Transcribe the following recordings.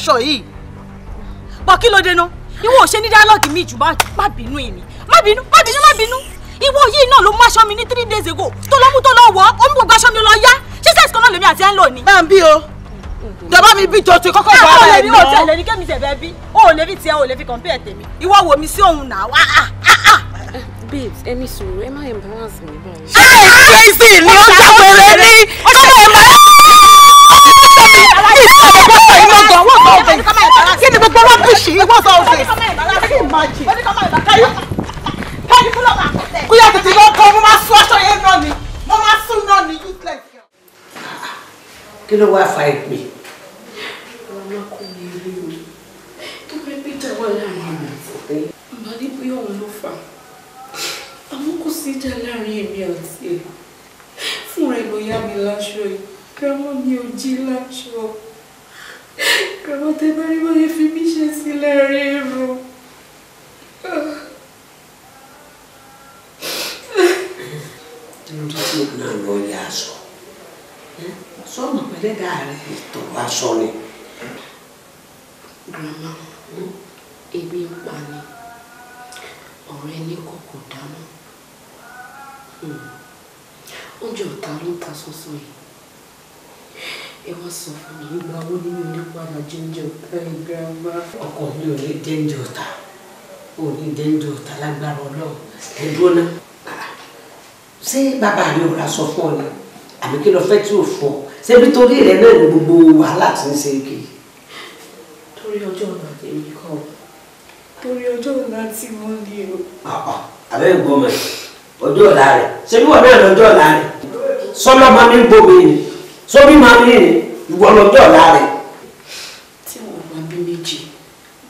aṣọ yìí bọ kí ló dé ná ìwọ ò ṣe ní dialogue mi jù má bínú èmi má bínú má bínú má bínú ìwọ yìí náà ló mú aṣọ mi ní three days ago tó lọ mú tó lọ wọ ó mú gbogbo aṣọ mi lọ yá ṣé sẹ́ẹ̀sì kan náà lèmi àti ẹ̀ ń lò ní. bá ń bí o dọ̀bá mi bí jòtú kọ́kọ́ bá ara ẹ̀ náà. ẹ̀ ò lè ní kémi tẹ̀bẹ̀ bí o ò lè fi tiẹ̀ o ò lè fi compare tèmi ìwọ wò mí sí òun náà wá babes ẹ ní sùúrù ẹ má embarrass mi báyìí. ẹ ẹ crazy ni ó sọ pé rẹ ní kọ́mọ embarrass know what? sọ fún ọ ni àbí kí ló fẹ́ tí ò fún ọ ṣébi torí rẹ náà ni gbogbo wàhálà ti ń ṣe kì í. torí ọjọ́ ọ̀nà èmi kọ́ torí ọjọ́ ọ̀nà tí wọ́n lé o. àbẹ́ ìgbọ́mọ ọjọ́ ọ̀la rẹ̀ ṣébi wọ́n náà lọ́jọ́ ọ̀la rẹ̀ sọ́lọ́ máa ń gbòògbé ni sóbí máa ń rìn ìwọ lọ́jọ́ ọ̀la rẹ̀. tí wọn bá bí méjì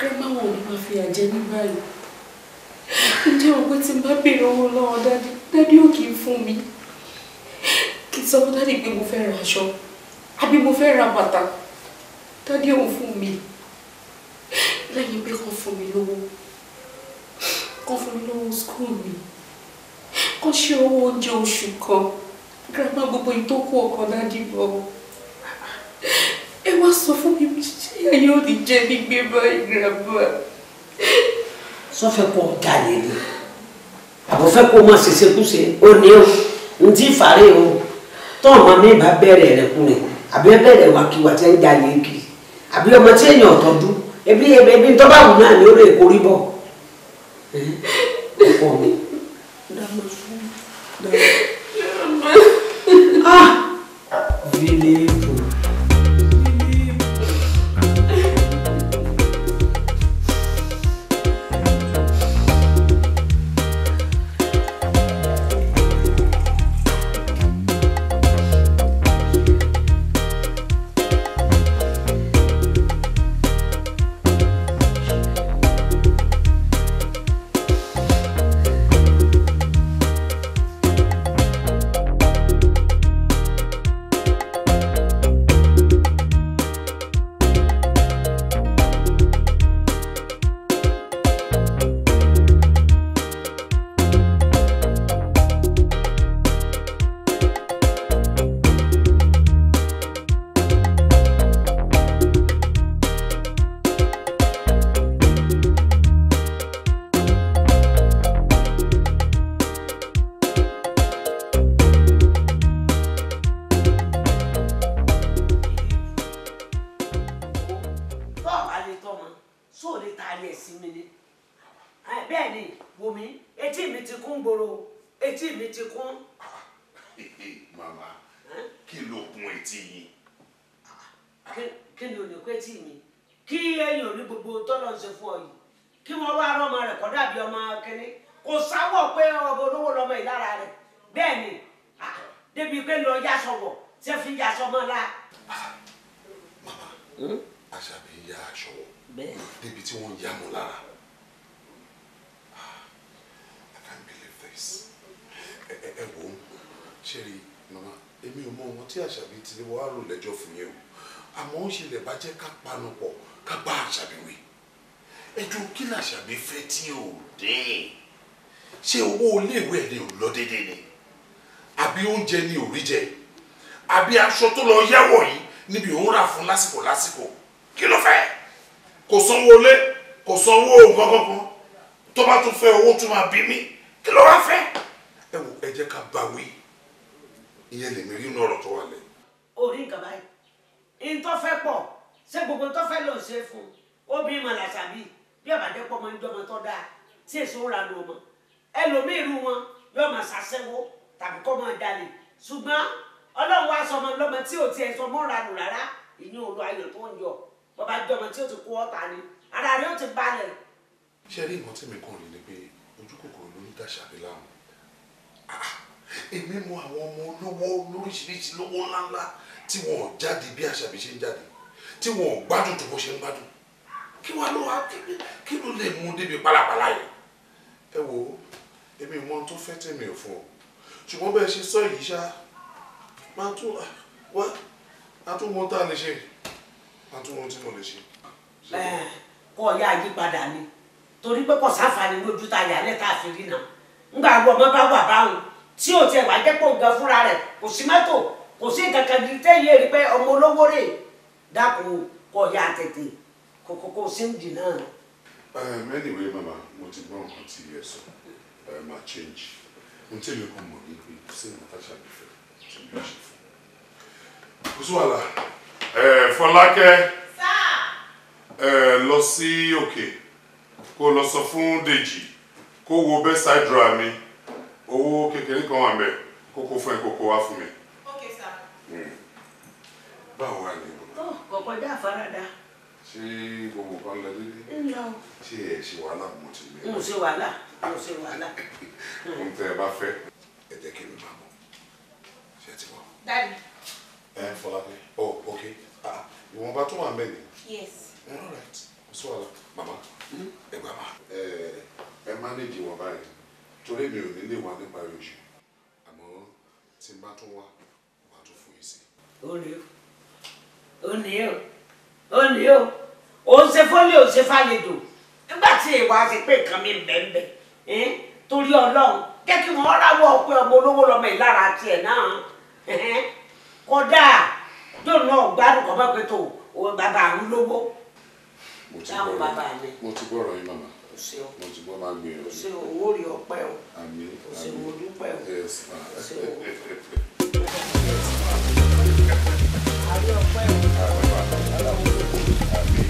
gẹ́gbẹ́ wọn ò ní máa fi àjẹ ní báyìí ǹjẹ́ òun pé tí n bá béèrè owó lọ́wọ́ dádì dádì ò kì í fún mi kí n sọ fún dádì pé mo fẹ́ ra aṣọ àbí mo fẹ́ ra bàtà dádì òun fún mi lẹ́yìn pé kàn fún mi lówó kàn fún mi lówó skul mi kàn ṣe owó oúnjẹ oṣù kan grandma gbogbo ìtókù ọkọ dádì lọ ẹ wá sọ fún mi ṣíyà yóò ní jẹ nígbé báyìí grandma. sọ fẹ́ kó o jalè ni àbọ̀ fẹ́ kó o má ṣe ṣekúṣe ó ní o ntí fàárẹ̀ o tó ọmọ mi bá bẹ̀rẹ̀ rẹ̀ kú rẹ̀ àbí bẹ̀rẹ̀ wákiwà tí ń ja yẹn kiri àbí ọmọ tí èèyàn tọ́jú ebi ebi ebi tó bá wù náà ni ó lè korí bọ̀ ọ̀pọ̀ mi. ah really. lára ah, I can't believe this ẹ wò ó ṣeré mama èmi mom. What ohun tí àṣàbí to wá rò lẹ́jọ́ fún yẹn o àmọ́ ó ṣe lè bá jẹ́ ká panu pọ̀ ká bá àṣàbí wí ẹjọ́ kí ni àṣàbí fẹ́ tí ò dé ṣé owó iléèwé ẹ̀ ni ò lọ déédéé ni àbí oúnjẹ ni ò rí jẹ àbí aṣọ tó lọ yẹ̀wò yìí níbi òun rà fún lásìkò lásìkò kí ló fẹ́ kò sanwó lé kò sanwó nǹkan kan tó bá tún fẹ́ owó tún máa bí mi kí ló wá fẹ́. ẹ wo ẹ jẹ́ ká bá wí ìyẹn lèmi rí inú ọ̀rọ̀ tó wà lẹ̀. orí nǹkan báyìí ntọ́ fẹ́ pọ̀ ṣé gbogbo ntọ́ fẹ́ lọ ṣe fún un obìnrin mọ̀ làṣà bíi bí àbàdẹ́pọ̀ máa ń jọmọ tó dáa tí èso ń ra lu ọmọ ẹlòmíì irú wọn yóò máa ṣàṣẹ́wó tàbí kó máa dalè ṣùgbọ́n ọlọ́run wá sọmọ lọ́mọ tí ò tiẹ̀ sọmọ́ ra lù rárá ìyún olú ayọ̀ tó ń yọ bàbá jọmọ tí ó ti kú ọ̀tá ni ara rẹ ó ti balẹ̀. ṣé rí ìmọ̀ tí mi kàn rí ni pé ojú kòkòrò ló ń dàṣà mi láàmú ah, èmi mọ àwọn ọmọ olówó lóríṣiríṣi lówó ńláńlá tí wọn ò jáde bí àṣàbí ṣe ń jáde tí wọn ò gbádùn tó bó ṣe ń gbádùn kí wàá ló wá kí ló lè mú débi pálapàla yìí ẹ wò ó èmi mọ ohun tó fẹ́ tèmi ò fún ọ ṣùgbọ́n bẹ́ẹ̀ ṣe sọ yìí ṣá máa tún ah, wá a tún mọ ohun tá a lè ṣe a tún mọ tí mo lè ṣe kọ́ ọ̀yá àyípadà ni torí pé kọ̀sáfàní lójú ta yà lẹ́ta àfìrí náà ńgbà àwọn ọmọ bá wà báwọn tí ò tiẹ̀ wá jẹ́ pọ̀ gan fúnra rẹ̀ kò sí mọ́tò kò sí kankan di tẹ́yìn èrè pé ọmọ olówó rè dákun kọ̀ ọ̀yá tètè kòkòkò sí ń dì náà. Ehm, anyway mama mo ti gbọ́ nǹkan tí ẹ sọ ẹ ehm, change n tẹ́lẹ̀ kọ́ mọ̀ ní pé kò sí Natasha mi fẹ́ tí mo ṣe fún un. kò sí wàhálà ehm, fọlákẹ́ lọ sí òkè kó lọ sọ fún Dèjì kó wo bedside drawer mi owó kékeré kan wà mẹ́ kókó fún ẹ kókó wá fún mi. ok sir. Hmm. báwo wà ní. Oh, kọ̀kọ́ dá àfaradà. ṣé gbogbo kan lọ dédé. ń lọ. ṣé ẹ ṣe wàhálà mo ti gbé. mo ṣe wàhálà mo ṣe wàhálà. ohun tẹ ẹ bá fẹ́ ẹ jẹ́ kí mi máa bọ̀ ṣé ẹ ti wọ. dáàbì. ẹ Fọlákẹ́ ọ oh, ok ah, ìwọ̀nba tó wà ń ni. yes all right kò sí wàhálà màmá ẹ gbà má. ẹ ẹ mánéjì wọn báyìí torí mi ò ní lè wá nípa rẹ jù àmọ́ tí n bá tún wá màá tún fún yín sí. ó ní o ó ní o ó ní o ó ń ṣe fọ́lé ò ṣe fàlejò nígbà tí ìwà ti pé nǹkan mi bẹ́ẹ̀ torí ọlọ́run jẹ́ kí wọ́n ráwọ́ pé ọmọ olówó lọ́mọ ìlara tiẹ̀ náà kódà yóò náà gbádùn kọ́ dáhùn bàbá mi. mo ti gbọ́rọ̀ yín màmá mo ti gbọ́ máa gbìyànjú. o ṣe owó rí ọpẹ́ o o ṣe mo dúpẹ́ o ṣe owó. àbí ọpẹ́ o.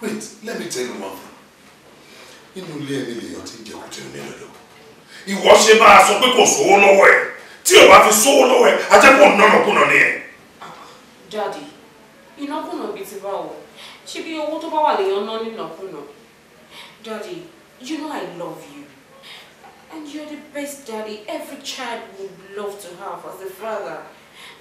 wait let me tell you one thing inú ilé ẹni lèèyàn ti jẹ kùtì ní lọ́dọ̀ ìwọ ṣe máa sọ pé kò sówó lọ́wọ́ ẹ̀ tí o bá fi sówó lọ́wọ́ ẹ̀ ajẹ́pọ̀ nánàkúnà ni ẹ̀. jáde ìnákùnà bíi ti bá wọ ṣé bí owó tó bá wà lèèyàn ná nínàkúnà daddy you know i love you and you're the best daddy every child would love to have as a father.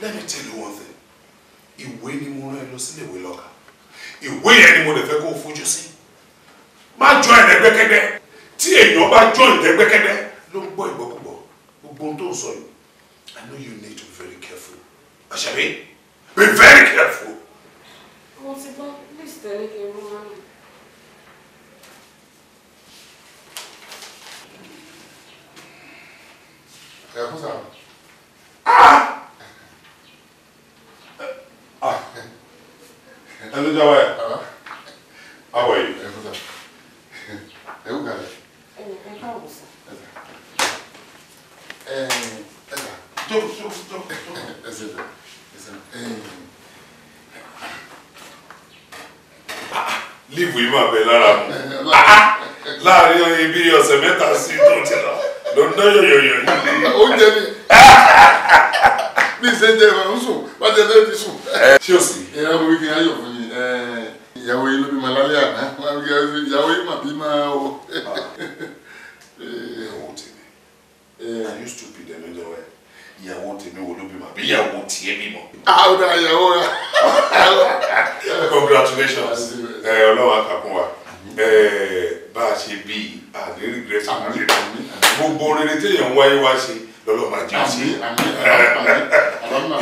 let me tell you one thing ìwé ni mo rán ẹ lọ sílé ìwé lọ́ka ìwé yẹn ni mo lè fẹ́ kó o fojú sí má jọ ẹ̀ lẹ́gbẹ́kẹ́gbẹ́ tí èèyàn bá jọ ẹ̀ lẹ́gbẹ́kẹ́gbẹ́ ló ń gbọ́ ìgbọ́kúgbọ́ gbogbo ohun tó ń sọ yìí I know you need to be very careful àṣàbí be very careful. mo ti bá please tẹ̀lé kí n mú wọn. ẹ kú sáà. Ah! Ah. Hello, Jawaya. Hello. How are you? Hello, sir. Hello, Gale. Hello, sir. Eh, sir. Jókòó, jókòó, jókòó. Yes, sir. Yes, sir. yìí máa bẹ lára mu. Láàárín oyin bí ọ̀sẹ̀ mẹ́ta sí tó ti lọ. Lọ́dún náà yọ̀yọ̀yọ̀ yìí. Oúnjẹ mi ní ìṣẹ́jẹ́ ìwọ̀n ń sùn wọ́n ti ẹlẹ́rìí sùn. ṣé o sì. ìyá mi kì í ayọ̀ fún mi ìyàwó yìí ló bí màá lálẹ́ àná ìyàwó yìí mà bí máa wọ. ìyàwó tèmi are you stupid ẹ̀mí lọ́wọ́ ẹ̀ ìyàwó tèmi wo ló bí màá bí ìyàwó tiẹ̀ bí mọ́. àwọn ìyàwó rẹ. congratulations ọlọ́wọ́ akakun wa bá a ṣe bí àdéhùn rẹ fún mi gbogbo rere téèyàn wáyé wá ṣe lọ́lọ́ máa jẹ́ sí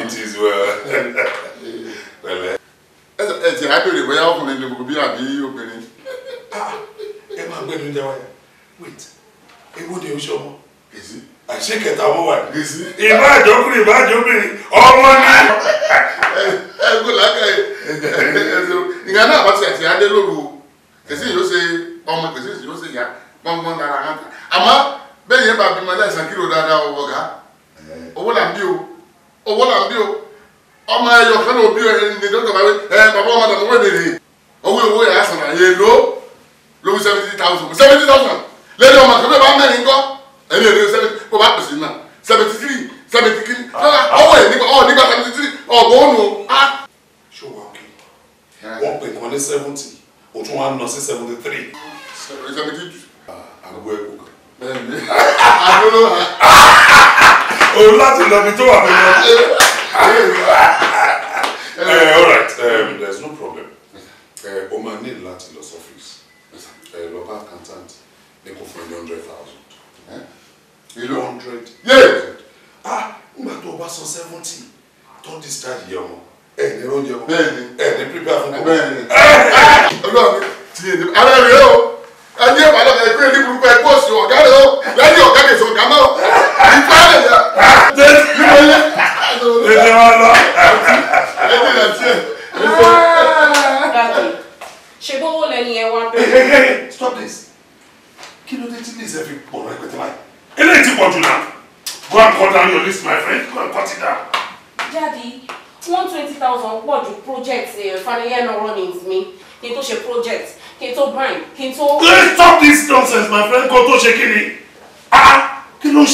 it is well pẹ̀lẹ́. ẹ ti àbèrè bóyá ọkùnrin ni kò bí àbí obìnrin. Ah, ẹ máa gbé mi dáwọ́ yẹn wait ewu ni o ṣe ọmọ àṣé kẹta ọmọ wà ní. ìbá àjọkùnrin ìbá àjọkùnrin ọmọ ni. ẹ gbọ́dọ̀ lákàyè ìgbà náà bá ti àti adé lóru kèsì yóò ṣe ọmọ kèsì yóò ṣe ìyá gbọ́ngbọ́n lára hàn àmọ́ bẹ́ẹ̀ yẹn bá bímọ aláìsàn kílò dáadáa ọwọ́ ga eh. owó là ń bí o owó là ń bí o ọmọ ẹyọ kan náà bí ẹni dọ́kítà bá wí ẹ eh, bàbá ọmọ dàgbà wọ́n èdè owó ìwé yàrá sàn àyè ló lówó seventy thousand seventy thousand lẹ́yìn ọmọ kan náà bá mẹ́rin kọ́ ẹni èrè seventy kó bá pèsè náà seventy three seventy kiri ah. ọwọ́ ẹ̀ nígbà ọ̀ nígbà seventy three ọ̀gbọ́n ònù á. ṣùgbọ́n kí wọ́n pè kàn ní seventy òtún wa ń lọ sí seventy three. seventy two. Ah, àgbo ẹ̀kọ́ kan. òun láti lọ bí tó wà fún mi. Eh, alright um, there is no problem eh, o máa ní láti lọ sọfíìsì eh, lọ bá accountant ní kò fún ẹ ní hundred thousand. ilé hundred. ah nígbà tó o bá sọ seventy tó discharge yẹ wọn Eh, ló ń jẹ Eh, ẹni prepare fún Eh. ọlọ́run ti ẹni ara rẹ̀ o ẹni ẹ̀ bàlọ́ ẹ̀ gbé ní burúkú ẹ̀ kó sí ọ̀gá rẹ̀ ó lẹ́yìn ọ̀gá kèsì ọ̀gá mọ́ ìfẹ́ rẹ̀ yá. èdè wọn lọ. èdè rẹ̀ tiẹ̀. ṣe bówó lẹni ẹ wá bẹ́ẹ̀. stop this kí ló dé tí ní ìṣẹ́ fi pọ̀ rẹ̀ pẹ̀tẹ́ báyìí. eléyìí ti pọ̀ jù náà go and cut down your list my friend go and cut it down. Daddy one twenty thousand pọ̀ ju project fanayẹ́nà runnings me. ní tó ṣe project kí n tó brine let's stop this nonsense my friend kó tó ah kí ló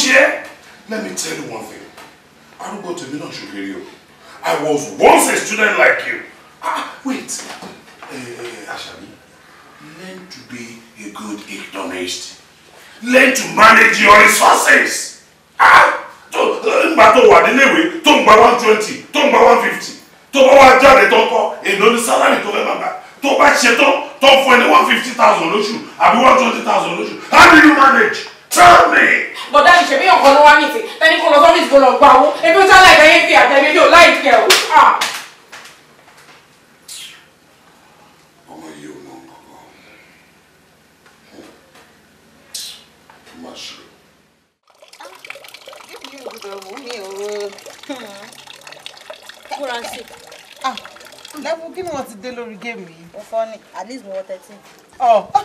let me tell you one thing arúgbó tèmi náà ṣòkèrè o i was once a student like you ah wait Ashami, eh, learn to be a good economist learn to manage your resources ah nígbà eh, tó wà níléèwé tó ń gba one twenty tó ń gba one fifty tó bá wá jáde tó ń kọ èlò ní sálárì tó fẹ́ máa gbà tó bá tó ń fún one fifty thousand lóṣù àbí one twenty thousand lóṣù how do you manage tell me. bọ̀dá ìṣèbí ọ̀kan ló wá ní ti tẹni kó lọ sọ́fíìsì kó lọ gbà owó ebi ó sálà ìdáyé fi àtẹ̀mí mi ò láì kẹ̀ o. ọmọ yìí ò mọ nǹkan kan má ṣe. mi ò gbọ́dọ̀ lẹ́bù give me what ti dé lórí me. yìí. ó at least more wọ Oh, ọ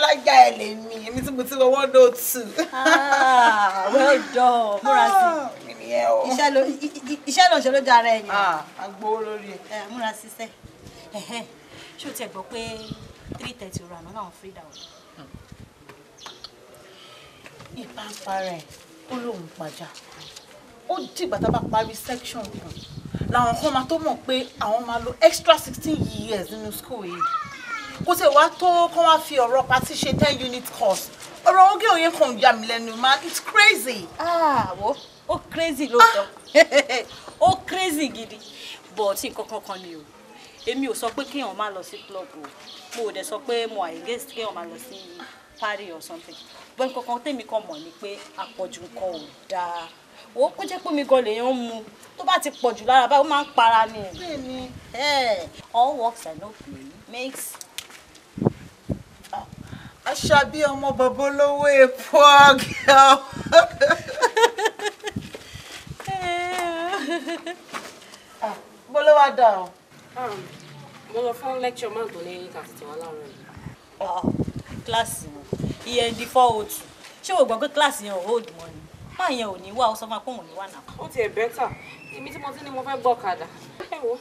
like ẹ me? mi èmi tí mo ti wọ one oh two. Ah, well done múra sí ah, iṣẹ́ ló ń ṣe ló dára ẹ̀yìn. agbowó ah, lórí ẹ. Eh, múra síṣẹ́ ṣé o tiẹ̀ gbọ́ pé three thirty ọ̀rọ̀ àná náà ń free down. ìpàǹpà rẹ̀ ó lóun pàjá ó dìgbà tá a bá parí section kan làwọn kan máa tó mọ̀ pé àwọn máa lo extra sixteen years nínú school yìí kó tẹ̀ wá tó kán wá fi ọ̀rọ̀ pati ṣe ten unit course ọ̀rọ̀ oge òye kan yà mí lẹ́nu man it's crazy. àwọ̀ ah, ó crazy lóòótọ́ ah! ó crazy gidi but nǹkan kankan ni o èmi ò sọ pé kéèyàn má lọ sí club o mo ò dẹ̀ sọ pé mo against kéèyàn má lọ sí Paris or something but nǹkan kan tèmi kan mọ̀ ni pé àpọ̀jù nǹkan ò dáa wo kó jẹ́ pé gan lèèyàn ń mu tó bá ti pọ̀ jù lára báyìí ó máa ń para ni. Eh, all works are no play makes. Ah, aṣàbí ọmọ bàbá olówó epo ọgá. bọ́lá wa dà ọ́. Ah, mo lọ fún lecture máa tó ní kàtìtì wa láàárọ̀ yìí. kíláàsì wo END four oh two ṣé o gbọ́ pé kíláàsì yẹn ò hold mọ́ má yẹn ò ní wá ọ sọ fún apóhùn ní wà náà. ó ti ẹ̀ bẹ́tà èmi tí mo ti ní mo fẹ́ gbọ́ ọ̀kadà. ẹ wo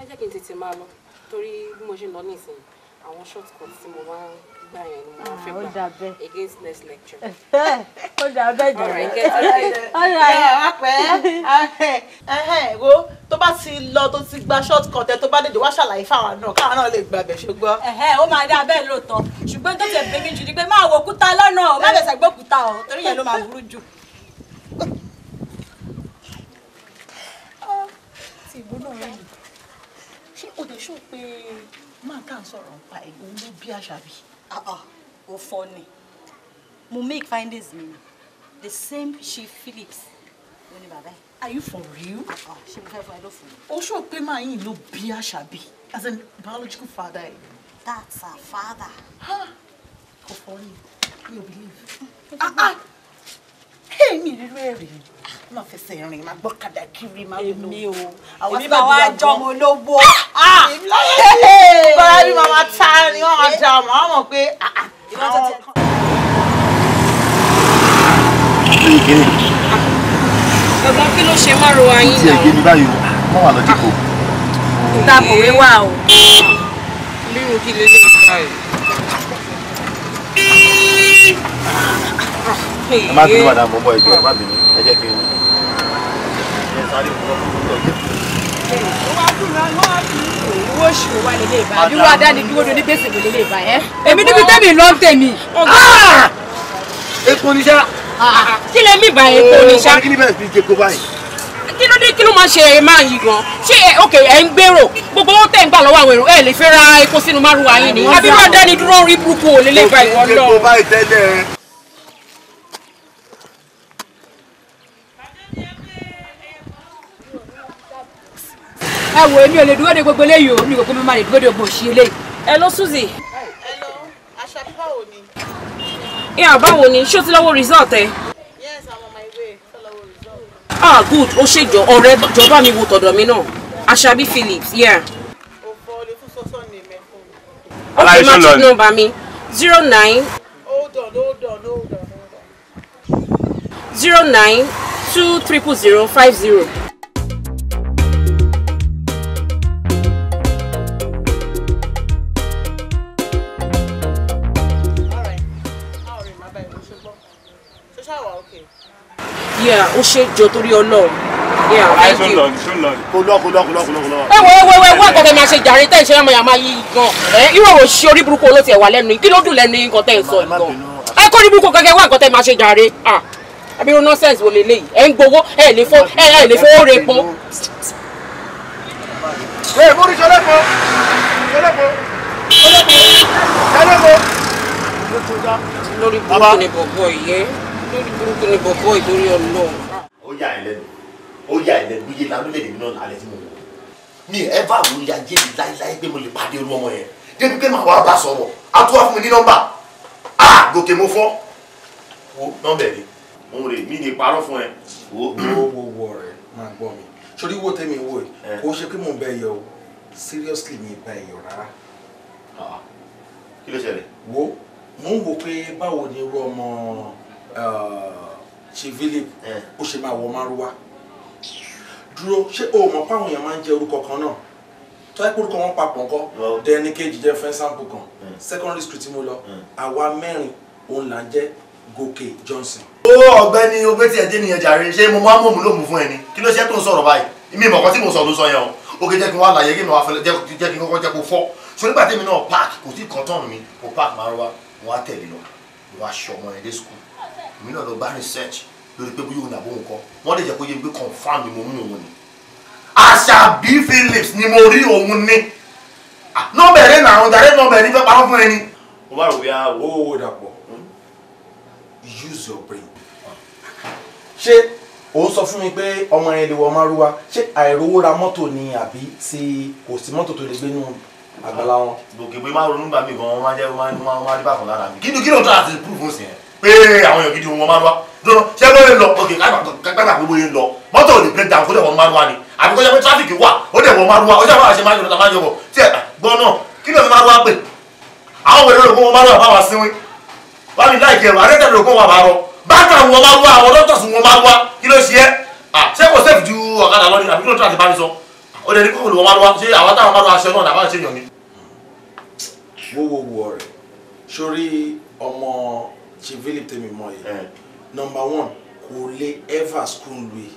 ẹ jẹ́ kí n tètè máa lọ torí bí mo ṣe lọ ní ìsìn àwọn short cut tí mo máa gbà yẹn ni mo fẹ́ ah, gbà against next lecture. ó dà bẹ́ẹ̀ jẹ́ ọ̀rẹ́ kẹ́tẹ́ ọ̀rẹ́ àpẹ́ ẹ̀hẹ́ wo tó bá ti lọ tó ti gba short cut ẹ tó bá dèjò wá ṣàlàyé fáwọn náà káwọn náà lè gba abẹ ṣùgbọ́n. ẹ̀hẹ́ ó máa dá bẹ́ẹ̀ lóòótọ́ ṣùgbọ́n tó ti ẹ̀ bẹ́ẹ̀ mi jù ni pé máa wo òkúta lọ́nà o má bẹ̀sẹ̀ gbọ́ òkúta torí yẹn ló máa burú jù. àti ìgbóná rẹ̀ nì. ṣé o dẹ̀ ṣó pé máa kà ń sọ̀rọ̀ nípa ìgbóhùn ló bí àṣàbí. ò ah, ah, fọ ni mo make findings mi the same she Phillips ló ní are you for real. Ah, ṣé she fẹ́ fọ ẹ ló fún mi. o ṣó pé máa yín ló bí àṣàbí as a biological father. that's her father. kò fọ ni believe? Ah ah èmi ìlú ẹ̀rí máa fẹsẹ̀ rìn máa gbọ́ kàdà kiri máa wúlò èmi o èmi bá wá jọ ọmọ ológbò bára bí màmá ta ni wọ́n máa dà mọ́ àwọn mọ̀ pé ah, ah, àwọn. ọgbọ́n kí ló ṣe márùn ayín náà. ti èké ní báyìí wọ́n wà lọ́dípò. ta kòwé wà o. rírun kí lélẹ́yìn báyìí. ẹ má bínú madam bọ́bọ́ ẹjọ́ ẹ má bínú ẹ jẹ́ kí n ẹ sáré òwúrọ̀ fún ọjọ́ owó ṣì wò wá lélẹ̀ ìbá dúró adáni dúró lórí gbèsè lò lélẹ̀ ìbá ẹ. èmi níbi tẹ́mi lọ ń tẹ̀mí. Ah! epo ní sá. Ah, kí lè mí ìbá epo ní sá. kí ni bẹ́ẹ̀ fi jẹ́ kó báyìí kí ló dé kí ló máa ṣe ẹ máa yìí gan ṣé òkè ẹ ń gbèrò gbogbo owó tẹ̀ ń gbà lọ́wọ́ àwọn èrò ẹ lè fẹ́ ra epo sínú márùwá yìí ni àbí bá dání dúró rí burúkú òlélẹ́gbà ìwọ́n lọ. ẹ èmi ò lè dúró de gbogbo eléyìí o mi kò kó mi má lè dúró de gbogbo òṣì eléyìí. hello Suzy. hello aṣàbí báwo ni. ìyá báwo ni ṣé o ti lọ́wọ́ result ẹ. yes i'm on my way to lọ́wọ́ result. ah good ó ṣèjọ ọ̀rẹ́ jọba mi wo tọ̀dọ̀ mi náà aṣàbí Phillips yeah. òfò lè tún sọ́sọ́ ní mẹ́fọ́. ok má tún nọ́mbà mi zero nine. hold on hold on hold on. zero nine two triple zero five zero. yeah ó ṣe jọ torí Ọlọ́run yeah thank you. kò lọ kò lọ kò lọ kò lọ kò lọ. ẹ wọ ẹ wọ ẹ wọ àkọkẹ máa ṣe jàre tẹ ìṣẹ̀lẹ̀ ọmọ yàrá máa yí gan ẹ irú òwò ṣe orí burúkú olóòtú ẹ wà lẹ́nu yìí kí ló dùn lẹ́nu yìí nǹkan tẹ ẹ sọ gan ẹ kọ́ ní burúkú kẹ̀kẹ́ wà nǹkan tẹ máa ṣe jàre ah abiru nonsense wo leléyìí ẹ ń gbowó ẹ lè fọ ẹ ẹ lè fowó re pọ. ẹ mórí sọlẹ pọ sọlẹ pọ sọlẹ pọ sọlẹ lórí burúkú ni bọ̀bọ̀ lórí burúkú ni bọ̀bọ̀ ìdórí ọlọ́run. ó yà ẹ lẹ́nu ó yà ẹ lẹ́nu gbígbé lánàá lẹ́nu náà lálẹ́ tí mo wọ̀ mi ẹ bá àwọn ìyá jẹ́ mi láéláé pé mo lè pàdé irú ọmọ yẹn débi pé màá wá bá sọ̀rọ̀ á tún wá fún mi ní nọ́mbà á gòkè mo fọ́ wo nọ́mbà ẹ̀ ni mo rè mí ní parọ́ fún ẹ. wo wo wo ọ̀rẹ́ máa gbọ́ mi sórí wo tèmi wo ẹ kò ṣe pé mo bẹ yẹ o seriously mi bẹ yẹ rárá. kí ló ṣẹlẹ̀. wo mo ń wo pé báwo ni irú ọmọ ṣe uh, Philip eh. ó ṣe máa wọ márúwá dúró ṣé o mọ̀ pé àwọn èèyàn máa ń jẹ́ orúkọ kan náà tọ́ ẹ́ kórúkọ wọn papọ̀ nǹkan dẹ́ni kejì jẹ́ fẹ́ sample kan eh. secondary school tí mo lọ eh. àwa mẹ́rin òun là ń jẹ́ Gòkè Johnson. ó ọ̀gbẹ́ni ogbé tí ẹ dé nìyẹn jàre ṣé mo máa ń mọ̀mú lómù fún ẹni kí ló ṣe tó ń sọ̀rọ̀ báyìí mi ìmọ̀kọ́ tí mo sọ ló sọ yẹn o ó ké jẹ́ kí n wá láyé kí n wá fẹ́ jẹ́ kí n kọ́kọ́ jẹ́ kó fọ́ so nígbà tèmi náà park kò tí ì kàn tán mi kò park márùwá wọn á tẹ̀lé lọ wọn á ṣọmọ ẹ̀ dé school èmi náà lọ bá research lórí pé bóyá òun àbó nǹkan wọ́n lè jẹ́ kó yé mi confam mo mú òun ni Àṣàbí Phillips ni mo rí òun ní nọ́ọ̀bù ẹ̀rẹ́ nà àwọn ọ̀dàrẹ́ nọ́ọ̀bù ẹ̀rí fẹ́ parọ́ fún ẹni. mo máa rò bí owó owó dàpọ̀ hmm? use your brain. ṣé o ń sọ fún mi pé ọmọ yẹn lè wọ márúwá ṣé àìrówó ra mọ́tò ni àbí tí kò sí mọ́tò tó lè gbé nù àgbàlá wọn. gòkè pé máa ronú gbàmí gan-an wọ́n máa jẹ́ wọ́n máa dé bákan lára mi. kí ni kí ló ń tọ́ àti proof ń sìn yẹn pé àwọn èèyàn gidi wọn máa ń wá lọ́nà ṣé ló lè lọ òkè kágbàgbà gbogbo yẹn lọ mọ́tò lè break down kó dẹ̀ wọ́n máa ń wá ni àbí kó jẹ́ pé tráfíkì wà ó dẹ̀ wọ́n máa ń wá ó jẹ́ àwọn àṣẹ máa ń yọ̀ máa ń yọ̀ bọ̀ tí ẹ̀ gbọ́n náà kí ló fi máa ń wá pè àwọn wèrè lòkó wọn máa ń wá báwa síwín wá mi láì kẹrù àrẹ́tẹ̀ lòkó wọn máa rọ báńkà wọn máa wá àwọn dọ́tọ̀sì wọn máa wá kí ló ṣe ẹ́ ṣé kò sẹ́ẹ̀fù ju ọ̀kadà lọ ni àbí kí ló tó àti bá mi sọ ó dẹ̀ ní kókò lù wọn máa wá ṣé àwọn táwọn máa lọ aṣọ náà nàbá ọmọ ṣe Philip tèmi mọ yìí eh. number one kò lè ever school lu yìí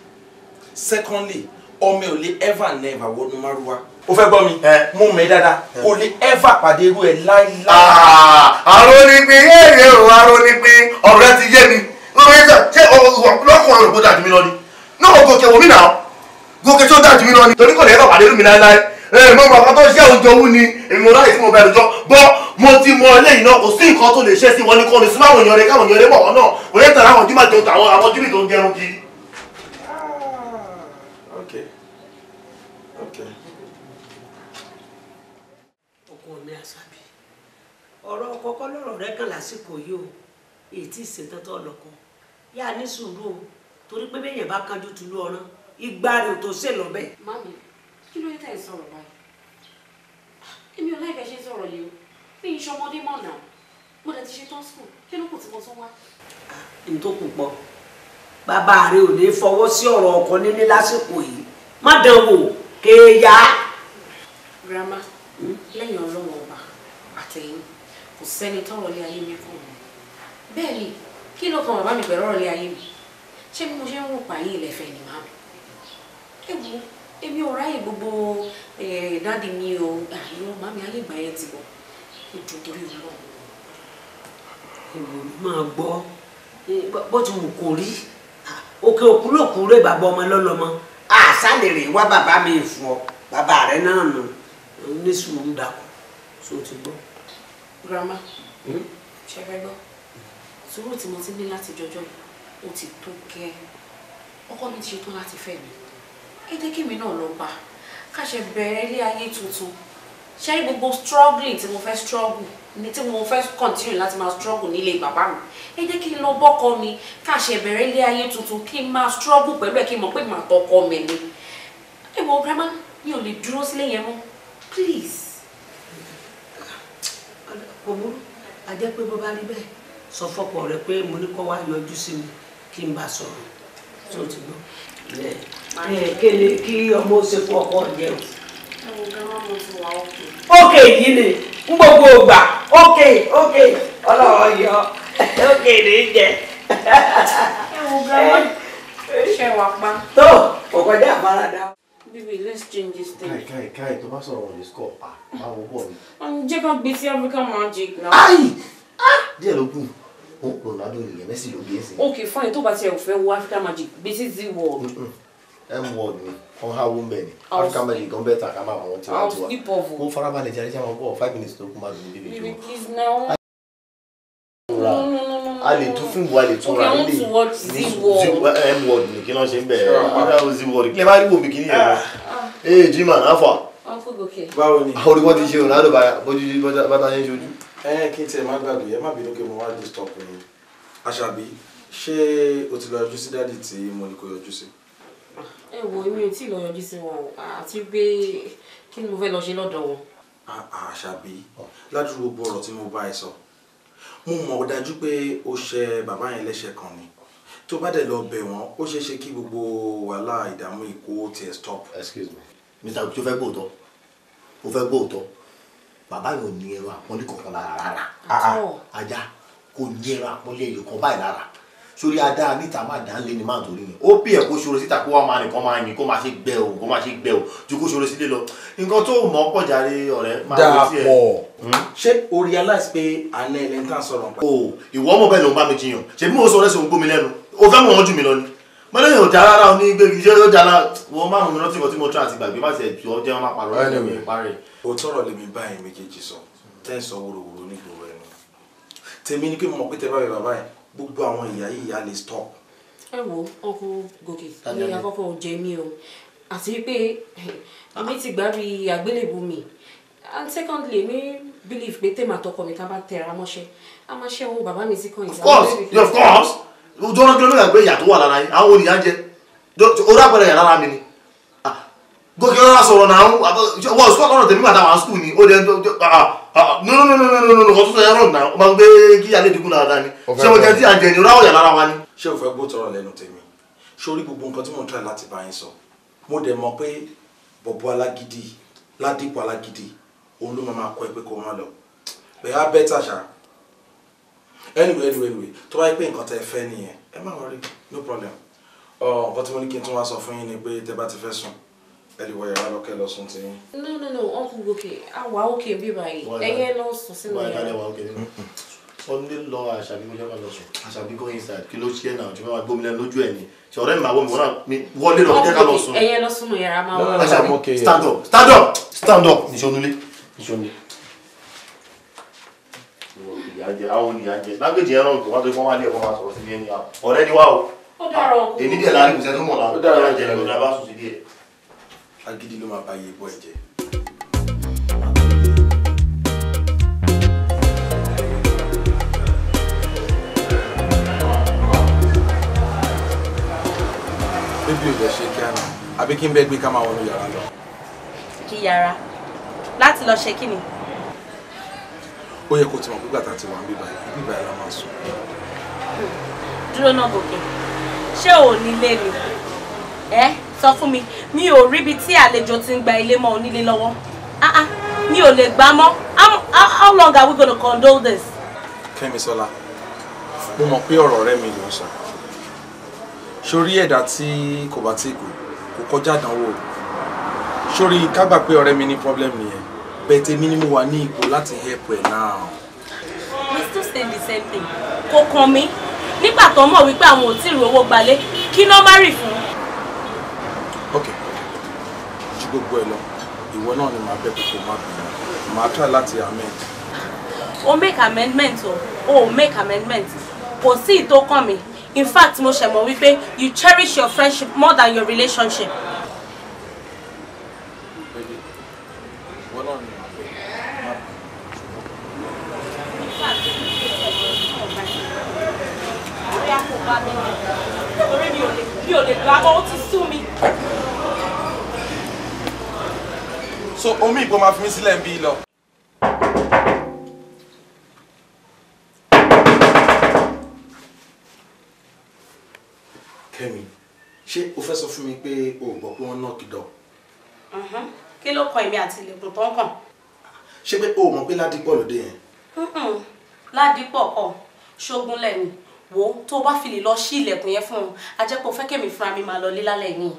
secondly ọmọ ò lè ever never wọnú no, o fẹ́ gbọ́ mi mú eh. mi dáadáa eh. kò lè ever pàdé irú ẹ̀ láíláí. àrònípin ah, èrè o oh, àrònípin ọ̀rẹ́ ti yé mi ṣé lọ́kùnrin olùkọ́ dájú mi lọ ni náà gòkè wò mí náà gòkè tó dájú mi lọ ni torí kò lè ever pàdé irú mi láíláí ẹ̀ mọ́ bàbá tó ṣe àwùjọ wù ni èmi ò láyè tí mo bẹ̀rù jọ bọ́ mo ti mọ eléyìí náà kò sí nǹkan tó lè ṣe sí wọn ní kọ́ni símáwò èèyàn rẹ káwọn èèyàn rẹ mọ̀ wọn náà kò yẹ tara àwọn jimá tó àwọn àwọn tó ń gẹrun kiri. Ah, ọkọ mi àṣàbí ọ̀rọ̀ kọ́kọ́ lọ́rọ̀ rẹ kàn lásìkò yìí o èyí tí ìṣètò tó lọ́kọ yá ní sùúrù o torí pé bẹ́yẹn bá kánjú tulu ọ̀ràn igba rẹ̀ ò tó ṣe lọ́bẹ̀. mami kí ló ń tẹ̀ sọ̀rọ̀ báyìí ah, èmi ò láì fẹ́ ṣe sọ̀rọ̀ yìí o mi ì ṣọmọdé mọ̀ náà mo dẹ̀ ti ṣe tán school kí ló kù tí mo tún wá. Ah, n tó kù pọ̀ bàbá rẹ ò lè fọwọ́ sí ọ̀rọ̀ ọkọ nílé lásìkò yìí má dán wò kéèyà. grandma hmm? lẹ́yìn ọlọ́run ọba àtẹ̀yìn kò sẹ́ni tọ́rọ̀ lé ayé mi kàn mọ́ bẹ́ẹ̀ ni kí ló kan bàbá mi pẹ̀lú ọ̀rọ̀ lé ayé mi ṣé bí mo ṣe ń rò pààyè ìlẹ̀fẹ̀ ni màá mi. ewu èmi ò ráyè gbogbo eh, dáàdi mi o àyè ọmọ mi ayé ìgbà yẹn ti bọ̀ nítorí ọlọ́run èmi máa gbọ́ bó ti wù kó rí òkè òkú lòkú rẹ bàbá ọmọ lọ́lọ́mọ àṣàlè rè wá bàbá mi fún ọ bàbá rẹ náà nù ní sùúrù dàkú so ti gbọ́. grandma hmm? ṣe fẹ́ gbọ́ sùúrù tí mo ti ní láti jọjọ́ yìí ó ti tó gẹ́ ọkọ mi ti ṣetán láti fẹ́ mi ẹ jẹ́ kí mi náà lọ bá a ká ṣe ilé ayé tuntun ṣé rí gbogbo struggling tí mo fẹ́ struggle ní tí mo fẹ́ continue láti máa struggle nílé bàbá mi ẹ jẹ́ kí n lọ bọ́kọ mi ká ṣe bẹ̀rẹ̀ ilé ayé tuntun kí n máa struggle pẹ̀lú ẹ̀ kí n mọ̀ pé màá tọkọ mi ni ẹ wọ grandma mi ò lè dúró sílé yẹn mọ́ please. kò burú a jẹ́ pé bó bá rí bẹ́ẹ̀ sọ fọ́pọ̀ rẹ pé mo ní kó wá yọjú sí mi kí n bá sọ̀rọ̀ tó ti gbọ́ kí ọmọ ó ṣe fún ọkọ ọ̀jẹ̀ ókè yìí ni n gbogbo ògbà ókè ókè ọlọ́wọ́ yọ ókè ní jẹ. tó kò kọjá àfaradà. Baby, let's change this thing. Kai, Kai, Kai, tó bá sọ̀rọ̀ on the score. Ah, báwo bọ̀ ni? Àwọn jẹ́ kan gbé sí African Magic náà. Ayi! Ah! Díẹ̀ ló kù. Ó Ronaldo nìyẹn, Messi ló gbé ẹsẹ̀. Okay, fine, tó bá tiẹ̀ ò fẹ́ wo African Magic, gbé sí Z-World m word ni wọn ha ni africa magic gan bẹẹ ta ká máa wọn tiwa tiwa kó farabalẹ̀ jẹ́ ẹjẹ́ wọn bọ̀ five minutes tó kún bá dùn bíbí jù a lè tún fún ìwà lè tún ra ní m word ni kí ló ń ṣe ń bẹ̀ ẹ́ z word kí lè má rí wòmí kí ni yẹn ee jimá náfà báwo ni àwọn olùkọ́ ti ṣe ronaldo bójú bàtà ṣe ń ṣojú. ẹ kí n tiẹ̀ má gbàgbé ẹ má bínú kí mo wá disturb yín àṣàbí ṣé o ti lọ yọjú sí dáàdi tí mo ní kó yọjú sí ẹ wo èmi ò tí ì lọ yọjú sí wọn àti pé kí ni mo fẹ́ lọ ṣe lọ́dọ̀ wọn. àṣàbí ládùúgbò gbogbo ọ̀rọ̀ tí mo bá ẹ sọ mo mọ̀ dájú pé ó ṣe bàbá yẹn lẹ́ṣẹ̀ kan ni tó bá dẹ̀ lọ bẹ̀ wọ́n ó ṣeé ṣe kí gbogbo wàhálà ìdààmú ìkó tiẹ̀ stop. excuse me mr abudu fẹ́ gbóòótọ́ o fẹ́ gbóòótọ́ bàbá yóò ní ẹran àpọ́nlé kankan lára rárá ajá kò ní ẹran àpọ́nlé ẹyọ kan báyìí lára sórí adá níta má dá lé ní má torí yẹn ó bí ẹ kó ṣòro síta kó wá máa nìkan máa yìn kó máa ṣe gbẹ o kó máa ṣe gbẹ o ju kó ṣòro sílé lọ nǹkan tó mọ̀ ọ́ pọ̀járe ọ̀rẹ́ máa lọ sí ẹ. ṣé o realize pé àná ẹni tá a sọ̀rọ̀ nípa. o ìwọ ọmọ bẹ́ẹ̀ ló ń bá mi jiyàn ṣe bí mo sọ lẹ́sìn ògbómi lẹ́nu o fẹ́ mọ̀ wọ́n jù mí lọ ni mo lẹ́yìn ò rárá o ní gbé iṣẹ́ ó dára wọ́n máa mú lọ́tìkọ̀ tí mo tún àti o tọrọ lèmi báyìí tèmi ni pé mo mọ̀ pé tẹ bá rẹ bàbá yìí gbogbo àwọn ìyá yìí a lè stop. ẹ wo ọkọ gòkè ní àkọ́kọ́ jẹ mí o àti pé èmi ti gbárí àgbélébù mi and secondly mi believe pé tèmi àtọkọ mi tá bá tẹra mọ́ṣẹ́ a máa ṣe owó bàbá mi sí kan ìsàlẹ̀. of course of course ojú ọ̀nà kìlómítà gbé ìyàtọ̀ wà lára yín àwọn olùyà jẹ orí àpẹẹrẹ yàrá mi ni ah, gòkè ọ̀rọ̀ sọ̀rọ̀ náà wọ́n sọ́kọ̀ ọ̀rọ̀ tèmi wà á sùkúù ni ó dẹ́ Ah, no no no no no no no ọtún ẹrọ nà ó máa ń gbé kí alẹ́ dínkù dáadáa ni ṣé mo jẹ tí àjẹ ni ráwọ̀ yà lára wa ni. ṣé o fẹ́ gbó tọrọ lẹ́nu tèmi sórí gbogbo nǹkan tí mo ń tọ́ láti bá yín sọ mo dẹ̀ mọ̀ pé bọ̀bọ̀ alágídí ládìpọ̀ alágídí òun ló máa kọ́ ẹ pé kó má lọ bẹ́ẹ̀ á bẹ́ tàṣà anyway anyway anyway tó bá yẹ pé nǹkan tẹ́ fẹ́ nìyẹn ẹ má wọrí no problem nǹkan tí mo ní kí n tún wá sọ fún yín ni pé tẹ́ bá ti fẹ́ sùn ẹlẹ́wọ̀ yàrá lọ́kẹ́ lọ no no no uncle gòkè àwa òkè bí báyìí ẹyẹ lọ something. sínú yàrá. wọ́n ìbálẹ̀ wà òkè nínú. sunday lọ àṣàbí kò jẹ́ máa lọ sùn àṣàbí go inside kí ló ṣe náà tí wọ́n máa gbómi lẹ́nu lójú ẹ̀ ni ṣe ọ̀rẹ́ mi máa wọ mi wọ́n wọlé lọ jẹ́ ká lọ sùn. ẹyẹ lọ stand up stand up stand up nìṣonulé nìṣonulé. ìyájẹ àwọn ìyájẹ lágbèjì ẹran òkè wọn tó fọwọ́ alẹ́ ẹ̀kọ́ máa sọ̀rọ̀ sí ilé ni ọ̀rẹ́ ni wá o. ó dára ọkùnrin èmi dẹ̀ láàrin kùsẹ́ tó mọ̀ láàrin agídí ló máa bá iye bọ́ ẹ jẹ. bébí ò lè ṣe kí àná àbí kí n bẹ gbé ká máa wọnú yàrá lọ. kí yàrá láti lọ ṣe kí ni. ó yẹ kó ti mọ̀ pípa tá a ti wà ń bíbá yìí bíbá yìí la máa sùn. dúró náà gòkè ṣé ò ní mi sọ fún mi mi ò ríbi tí àlejò ti ń gba ilé mọ́ onílé lọ́wọ́ ah ah mi ò lè gbá mọ́ how long are we gonna condole this. Kẹ́mi Sọlá mo mọ̀ pé ọ̀rọ̀ rẹ mi ló ń sọ sórí ẹ̀dá tí kò bá tí kù kò kọjá àdánwò sórí ká pé ọ̀rẹ́ mi ní problem nìyẹn bẹ́ẹ̀ tèmi ni mo wà ní ipò láti help ẹ náà. we still say the same thing kò kàn mí nígbà tó mọ̀ wípé àwọn ò tí ì rówó gbalé kí ló má rì fún gbogbo ẹ̀ lọ ìwọ náà ni màá bẹ̀ pé kò má bínú try láti amend. o make amendment o o make amendment kò sí ìtókàn mi in fact mo ṣẹ̀ mọ̀ wípé you cherish your friendship more than your relationship. omi ìbò máa fi mí sílẹ̀ ń bí lọ. Kẹ́mi ṣé o fẹ́ sọ fún mi pé o gbọ́ pé wọ́n náà kìdọ̀. kí ló kọ èmi àti ilẹ̀kùn tó ń kàn. ṣé pé o mọ̀ pé ládìpọ̀ lóde yẹn. ládìpọ̀ kọ ṣógun lẹ́nu wo tó bá fi lè lọ ṣí ilẹ̀kùn yẹn fún un a jẹ́ pé o fẹ́ kẹ́mi fúnra mi máa lọ lé yìí.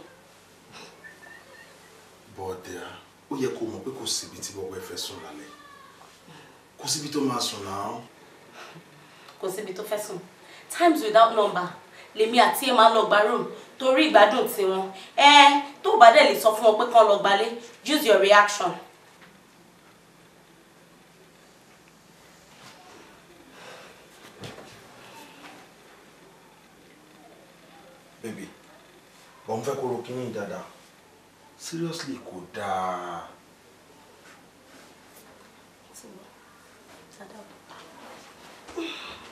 bọ́ọ̀dẹ̀ á ó yẹ kó mọ̀ pé kò síbi tí bọ́bọ́ ẹ fẹ́ sùn lálẹ́ kò síbi tó máa sùn náà. kò síbi tó fẹ́ sùn times without number lèmi àti ẹ máa lọ gba room torí ìgbádùn tiwọn ẹ tó bá dẹ̀ lè sọ fún wọn pé kán lọ gbalé use your reaction. bèbè bọ́n fẹ́ kó ro kínní dáadáa seriously kò dáa.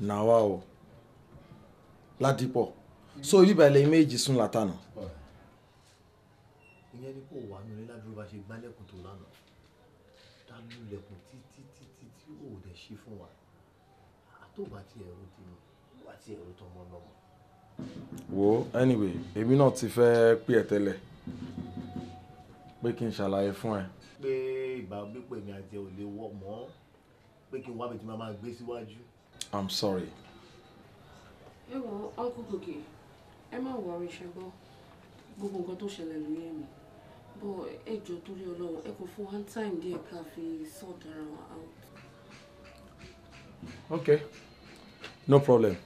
nawa o ládìpọ̀ so ibi ìbàlẹ̀ méjì sún látànà. ìyẹn ni kò wà nílé ládùúgbò bá ṣe gbálẹ̀kùn tó lánàá dá lulẹ̀kùn títí títí tí ò dẹ̀ ṣí fún wa àtòbá ti ẹ̀rù ti wà ti ẹ̀rù tọmọ lọ́mọ. wo anyway èmi náà ti fẹ́ pè ẹ́ tẹ́lẹ̀ pé kí n ṣàlàyé fún ẹ. pé ìgbà pípé mi àti ẹ ò lè wọ̀ mọ́ pé kí n wá bẹ̀ tí màá máa gbé síwájú. Si i'm sorry. ẹ wo uncle Gòkè ẹ má wọrí ṣẹgbọ́n gbogbo nǹkan tó ṣẹlẹ̀ lórí ẹ̀mí bọ́ ẹ jọ torí ọlọ́run ẹ kò fún one time díẹ̀ Cafe sort ara out. okay no problem.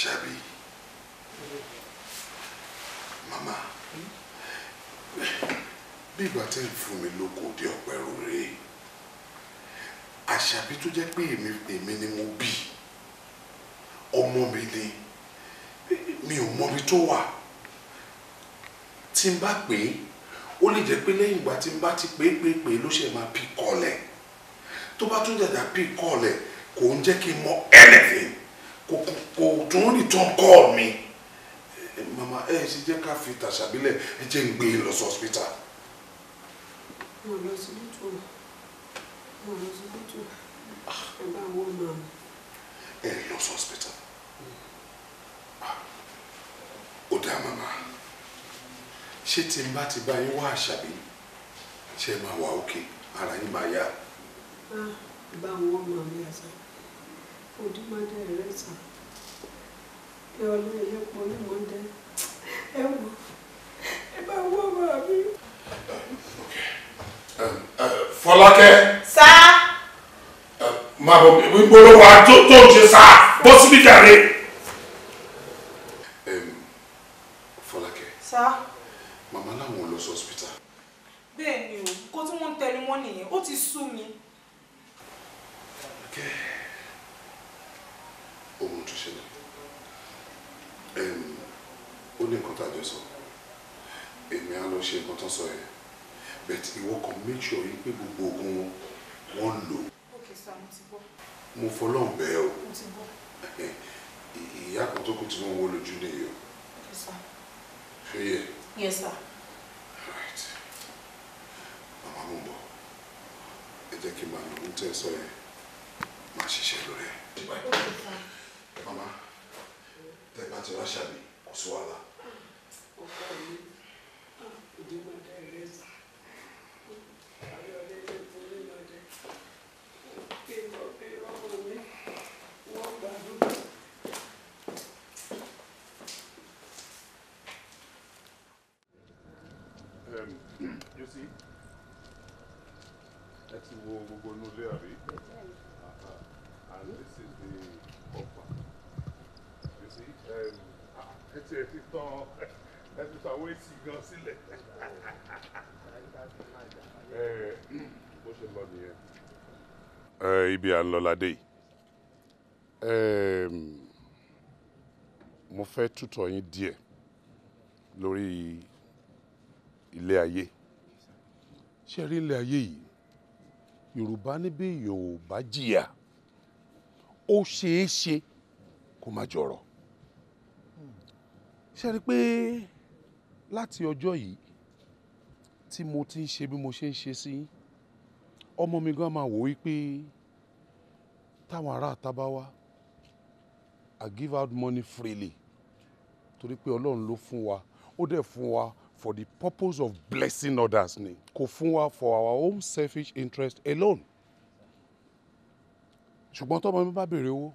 Àṣàbí màmá bí ìgbà tẹ́ ń fún mi lóko dé ọ̀pẹ rere Àṣàbí tó jẹ́ pé èmi ni mo bí ọmọ mi ni mi ò mọbi tó wà tí n bá pè é ó lè jẹ́ pé lẹ́yìn ìgbà tí n bá ti pè é pè é pè é ló ṣe máa pì kọ́lẹ̀ tó bá tún jàjà pì kọ́lẹ̀ kò ń jẹ́ kí n mọ anything kò kò tún return call mi mama ẹ ẹ ṣe jẹ́ ká fi tàṣàbílẹ̀ ẹ jẹ́ ń gbé e lọ sí hospital. mo lọ sí lótú mo lọ sí lótú ẹ bá wọ màá. ẹ lọ sí hospital ah, ó dá mama ṣé tí n bá ti bá yín wá àṣàbí ṣe máa wà òkè ara yín máa yá. Ah, báwo mọ̀ mi àṣàbí odúmọdé ẹlẹsàn bí ọlọ ẹlẹpọ onímọdé ẹ wò ẹ bá wọ ọmọ mi. Fọlákẹ́. sá. máa bọ̀ gbogbo wa tó tó ń ṣe sá bọ́ síbi jàre. Fọlákẹ́. sá. màmá làwọn lọ sí hospital. bẹ́ẹ̀ ni o kó tí wọ́n ń tẹnu mọ́ nìyẹn ó ti sú mi. Fọlákẹ́. Okay ohun tó ṣẹlẹ̀ ó ní nǹkan tá a jọ sọ èmi á lọ ṣe nǹkan tó sọ yẹn but ìwọ kan make sure yìí pé gbogbo oògùn wọn wọ́n lò. mo ti gbọ́. mo fọlọ́run bẹ́ẹ̀ o. mo ti gbọ́. ìyá kan tó kù tí wọ́n wọ lójú nìyí o. okay yes sir. right màmá mo bọ̀ ẹ jẹ́ kí n máa lò ó ń tẹ̀ sọ yẹn máa ṣiṣẹ́ lórí ẹ̀ mama tẹ bá ti ráṣà mi kò sí wàhálà. ọkọ mi ìdí máa dá ẹrẹ sí àwọn ọ̀rẹ́ ṣe borí lọdẹ kí n bọ pé ọmọ mi wọn gbàdúrà. you see ẹ ti wo gbogbo inú ilé àbí ah, ah, and this is the offer àǹtí ẹtì ẹ ti tán ẹ ti tán àwọn èsì gan sílẹ̀ bó ṣe lọ nìyẹn. ibi à ń lọ ládé yìí mo fẹ́ tútọ̀ yín díẹ̀ lórí ilé ayé ṣé rí ilé ayé yìí yorùbá níbí yorùbá jìyà ó ṣeé ṣe kó má jọrọ̀ ṣe rí i pé láti ọjọ́ yìí tí mo ti ń ṣe bí mo ṣe ń ṣe sí ọmọ mi gan máa wò ó táwọn ará àtàbá wá I give out money freely torí pé Ọlọ́run ló fún wa ó dẹ̀ fún wa for the purpose of blessing others ni kò fún wa for our own selfish interest alone ṣùgbọ́n tọ́mọ mi bá béèrè owó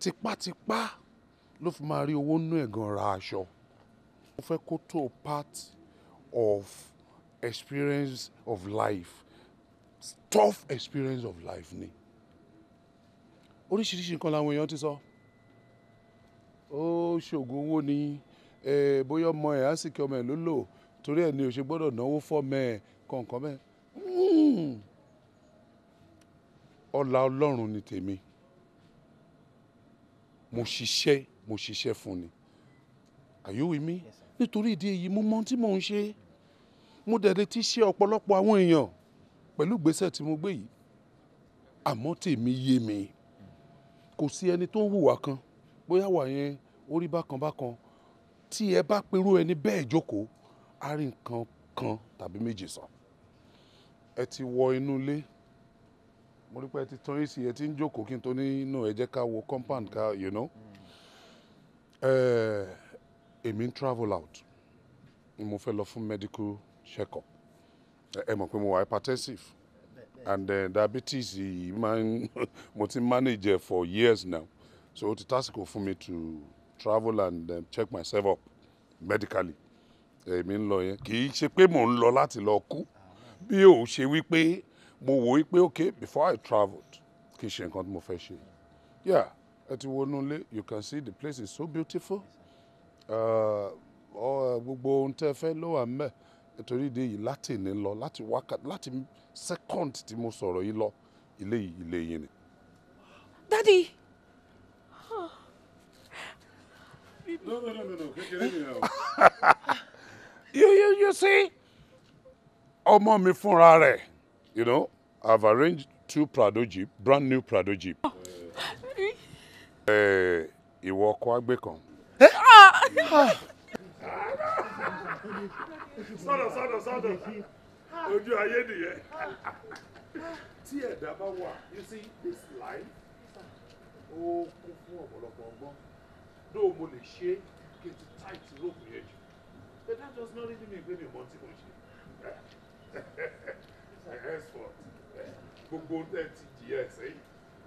tipátipá ló fi máa rí owó nú ẹ̀gàn ra aṣọ. mo fẹ́ kó tó part of experience of life tough experience of life ni oríṣiríṣi nǹkan làwọn èèyàn ti sọ ó ṣògùn owó ni bóyá ọmọ ẹ̀ á sì kí ọmọ ẹ̀ ló lò torí ẹ̀ ni ò ṣe gbọ́dọ̀ náwó fọ́mọ ẹ̀ kọ̀ọ̀kan bẹ́ẹ̀ hmm. ọlá ọlọ́run ni tèmi mo ṣiṣẹ́ mo ṣiṣẹ́ fún ni are you with me nítorí ìdí èyí mo mọ ohun tí mò ń ṣe mo dẹ̀rẹ̀ ti ṣe ọ̀pọ̀lọpọ̀ àwọn èèyàn pẹ̀lú ìgbésẹ̀ tí mo gbé yìí àmọ́ tèmi yé mi kò sí ẹni tó ń hùwà kan bóyá wà yẹn orí bákan bákan tí ẹ bá perú ẹni bẹ́ẹ̀ jókòó á rí nǹkan kan tàbí méjì sọ ẹ ti wọ inú ilé mo rí pé ẹ ti tán yín sí ẹ ti ń jókòó kí n tó ní ẹ jẹ́ ká wo compound ká you know. Mm. Eh, èmi ń travel out mo fẹ́ lọ fún medical check up eh, ẹ mọ̀ pé mo wà hypertensive and then diabetes yìí máa mo ti manage for years now so ó ti tásìkò fún mi to travel and um, check myself up medically èmi ń lọ yẹn kì í ṣe pé mò ń lọ láti lọ kú bí ò ṣe wípé mo wò wípé okay before I travelled kì í ṣe nǹkan tí mo fẹ́ ṣe yeah ẹ ti wo nulẹ̀ you can see the place is so beautiful uh, uh, gbogbo ohun tẹ́ ẹ fẹ́ ló wà ńbẹ̀ nítorí ìdí èyí láti ní lọ láti wákàtí láti second tí mo sọ̀rọ̀ yìí lọ ilé yìí ilé yìí ni. dadi. no no no no kékeré ni o. you you you see ọmọ mi fúnra rẹ̀ you know I've arranged two Prado jeep brand new Prado jeep. Oh ìwọ ọkọ àgbẹ̀ kan. Ah! sọ̀dọ̀ sọ̀dọ̀ sọ̀dọ̀ ojú ayé nìyẹn tí ẹ̀dá bá wà you see this life ó kún fún ọ̀pọ̀lọpọ̀ ọgbọ́n dóò mo lè ṣe kí tight rope yẹn jù but that does not really mean pé mi mọ́ tí mo ṣe eh, gbogbo ohun ti jìyà ẹ̀ sẹ́yìn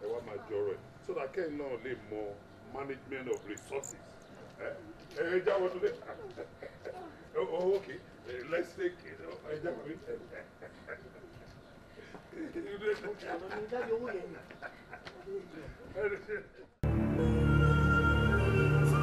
ẹ wá máa jọrọ ẹ̀. so that can only lè more management of resources. Eh? Eh, eh, oh, oh okay let's take it oh,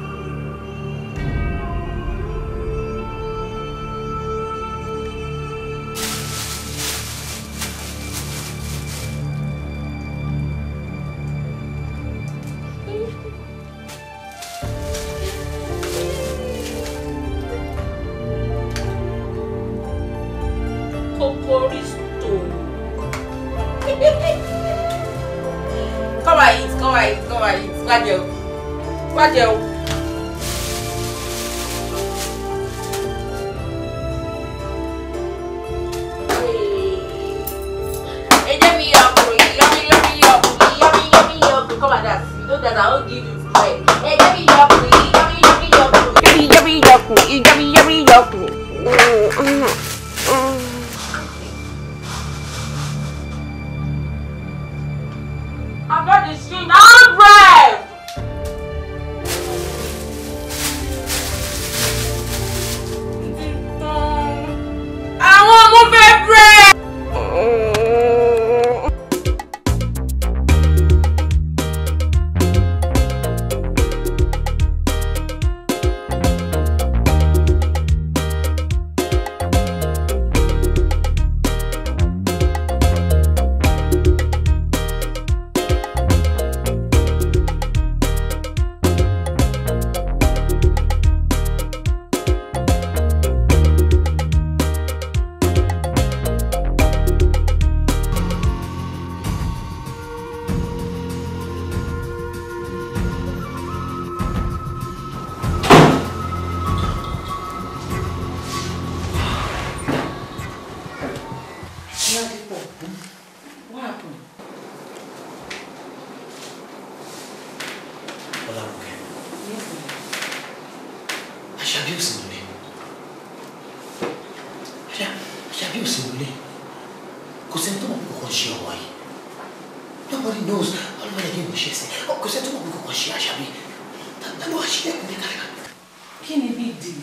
kí ni big deal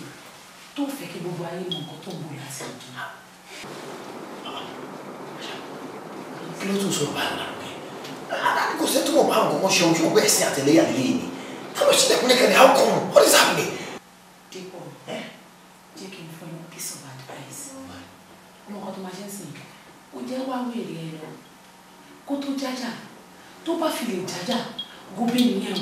tó fẹ́ kí gbogbo ayé mọ nǹkan tó ń bọ̀ láti ọ̀dún. kí ló tún sọ̀rọ̀ báyìí lárúkẹ́ kò sẹ́ tó mọ̀ bá àwọn ọmọ ṣeun ṣùgbọ́n ẹ̀sìn àtẹlẹ́yà lè ní ká ló piece of advice lọ́kọ̀ tó máa ṣe ń sìn ó jẹ́ wá wèrè ẹ̀ lọ kó tó jájà tó bá fi lè jájà gómìnà yẹn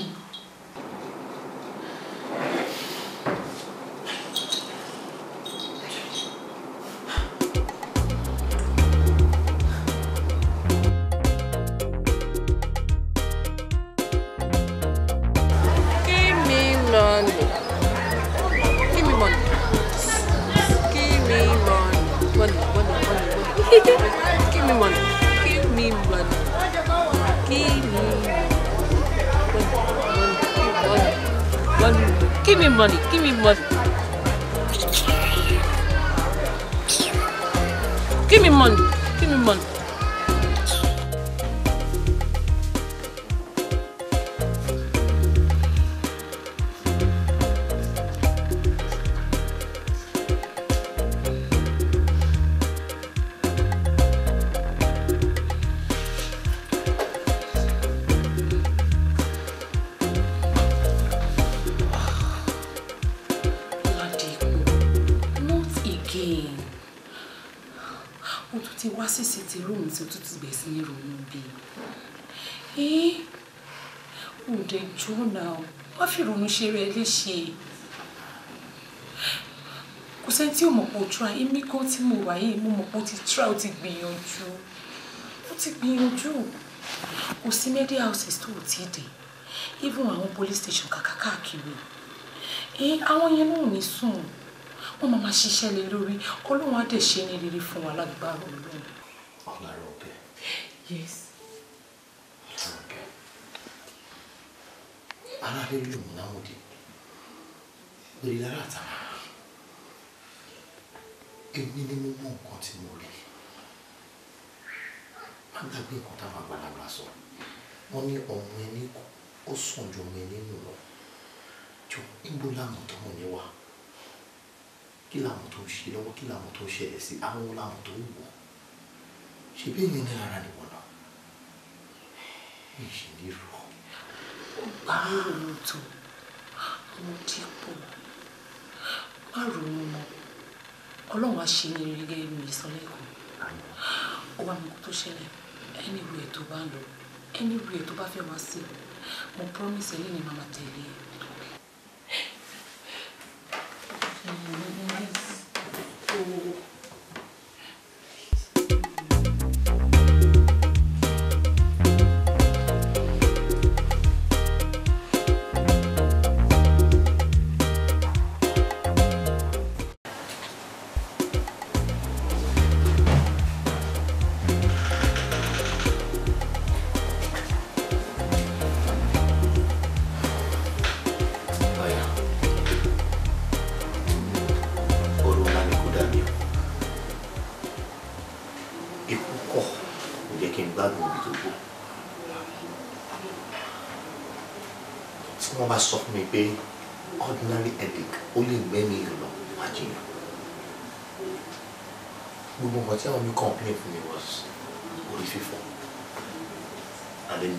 ṣe jóná o wọ́n fi ìrònú ṣe rẹ léṣe kò sẹ́ni tí ò mọ̀ pé o try èmi kan tí mo wà yìí mo mọ̀ pé o ti try o ti gbìyànjú o ti gbìyànjú kò sí media houses tó o ti dé even àwọn police station kàkà káàkiri ẹ àwọn yẹn náà ò ní sùn wọ́n máa ma ṣiṣẹ́ lé lórí ọlọ́run á dẹ̀ ṣe ní rere fún wa lágbára ọlọ́run. ọ̀làrọ̀ ọ̀bẹ. yes. 알아내려 나머지 우리 나라잖아. èmi ni mo mọ nǹkan tí mo rí má gbàgbé nǹkan táwọn àgbàlagbà sọ wọn ní ọmọ ẹni ó sàn ju ọmọ ẹni nù lọ jọ níbo làwọn tó mọ níwá kí làwọn tó ń ṣe lọ́wọ́ kí làwọn tó ń ṣẹlẹ̀ sí àwọn làwọn tó ń wọ ṣe bí èmi ní ara nìwọ náà mi ṣe ní rọ. Má ronú tó àwọn dípò má ronú mọ́ ọlọ́run á ṣe ní rere gẹ́gẹ́ bí ìsọlẹ́kùn ó wá mọ tó ṣẹlẹ̀ anywhere tó bá lọ anywhere tó bá fẹ́ wá sí mo promise ẹ lẹ́yìn máa tẹ̀lé ẹ.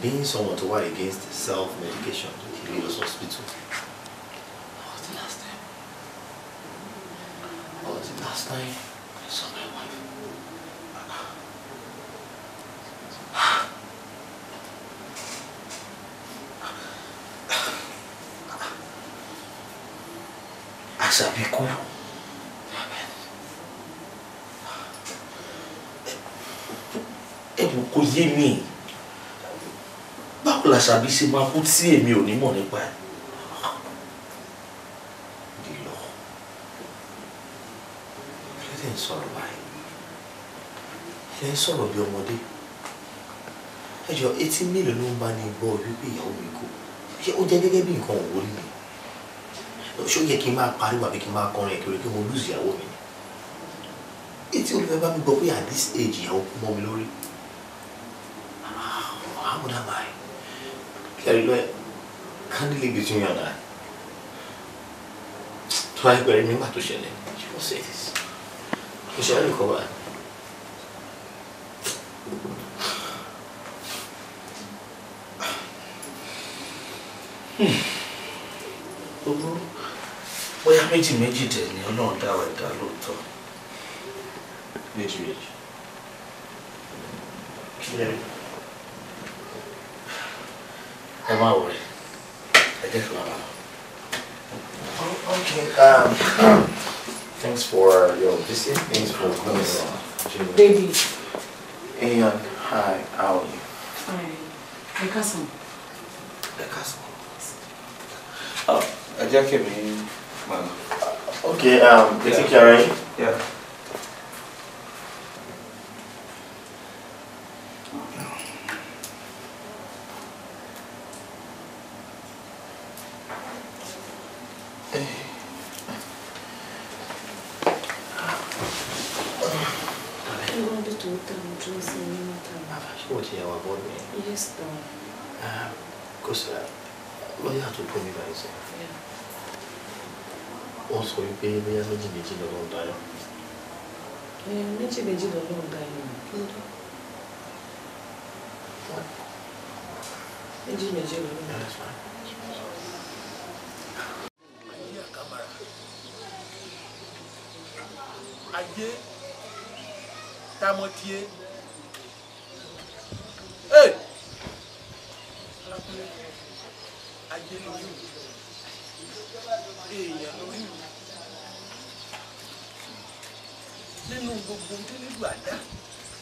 being someone to war against self-medication he was hospital. What was oh, the last time? What oh, was the last time I saw my wife? Asabiku. Ẹ wò kò yé mi làṣàbí ṣe máa kú tí èmi ò ní mọ̀ nípa ẹ̀. dìlọ kí lè ń sọ̀rọ̀ báyìí lè ń sọ̀rọ̀ bí ọmọdé ẹjọ́ etí mélòó ló ń bá ní gbọ́ wípé ìyàwó mi kú ṣé ó jẹ́ gẹ́gẹ́ bí nǹkan òwúrí mi ṣó yẹ kí n máa pariwo àbí kí n máa kọrin ìkiri kí mo lose ìyàwó mi ni etí olùfẹ́ bá mi gbọ́ pé at this age ìyàwó kú mọ́ mi lórí. Ẹ̀rọ candidly between you and I. Tó bá yẹ pé nígbà tó ṣẹlẹ̀, she was say this. Mo ṣe àárín kan wá. Gbogbo bóyá méjì méjì dẹ̀ ni Ọlọ́run dá wa ẹ̀dá lóòótọ́. Méjì Maori. I did Mama. Oh, okay. Um, um, thanks for your visit. Thanks for coming. Baby. Ayan, hi. How are you? Fine. The castle. The castle. Oh, I just came in, Mama. Okay. Um, they yeah. think you're ready? Yeah. Очень я свободный. Yes, though. Um, because uh, lawyer to put me by himself. Yeah. Also, you pay me as a méjì lọ́lọ́run dayọ̀. Méjì méjì lọ́lọ́run dayọ̀. What? Méjì èèyàn lórí mi nínú gbogbo délébù àdá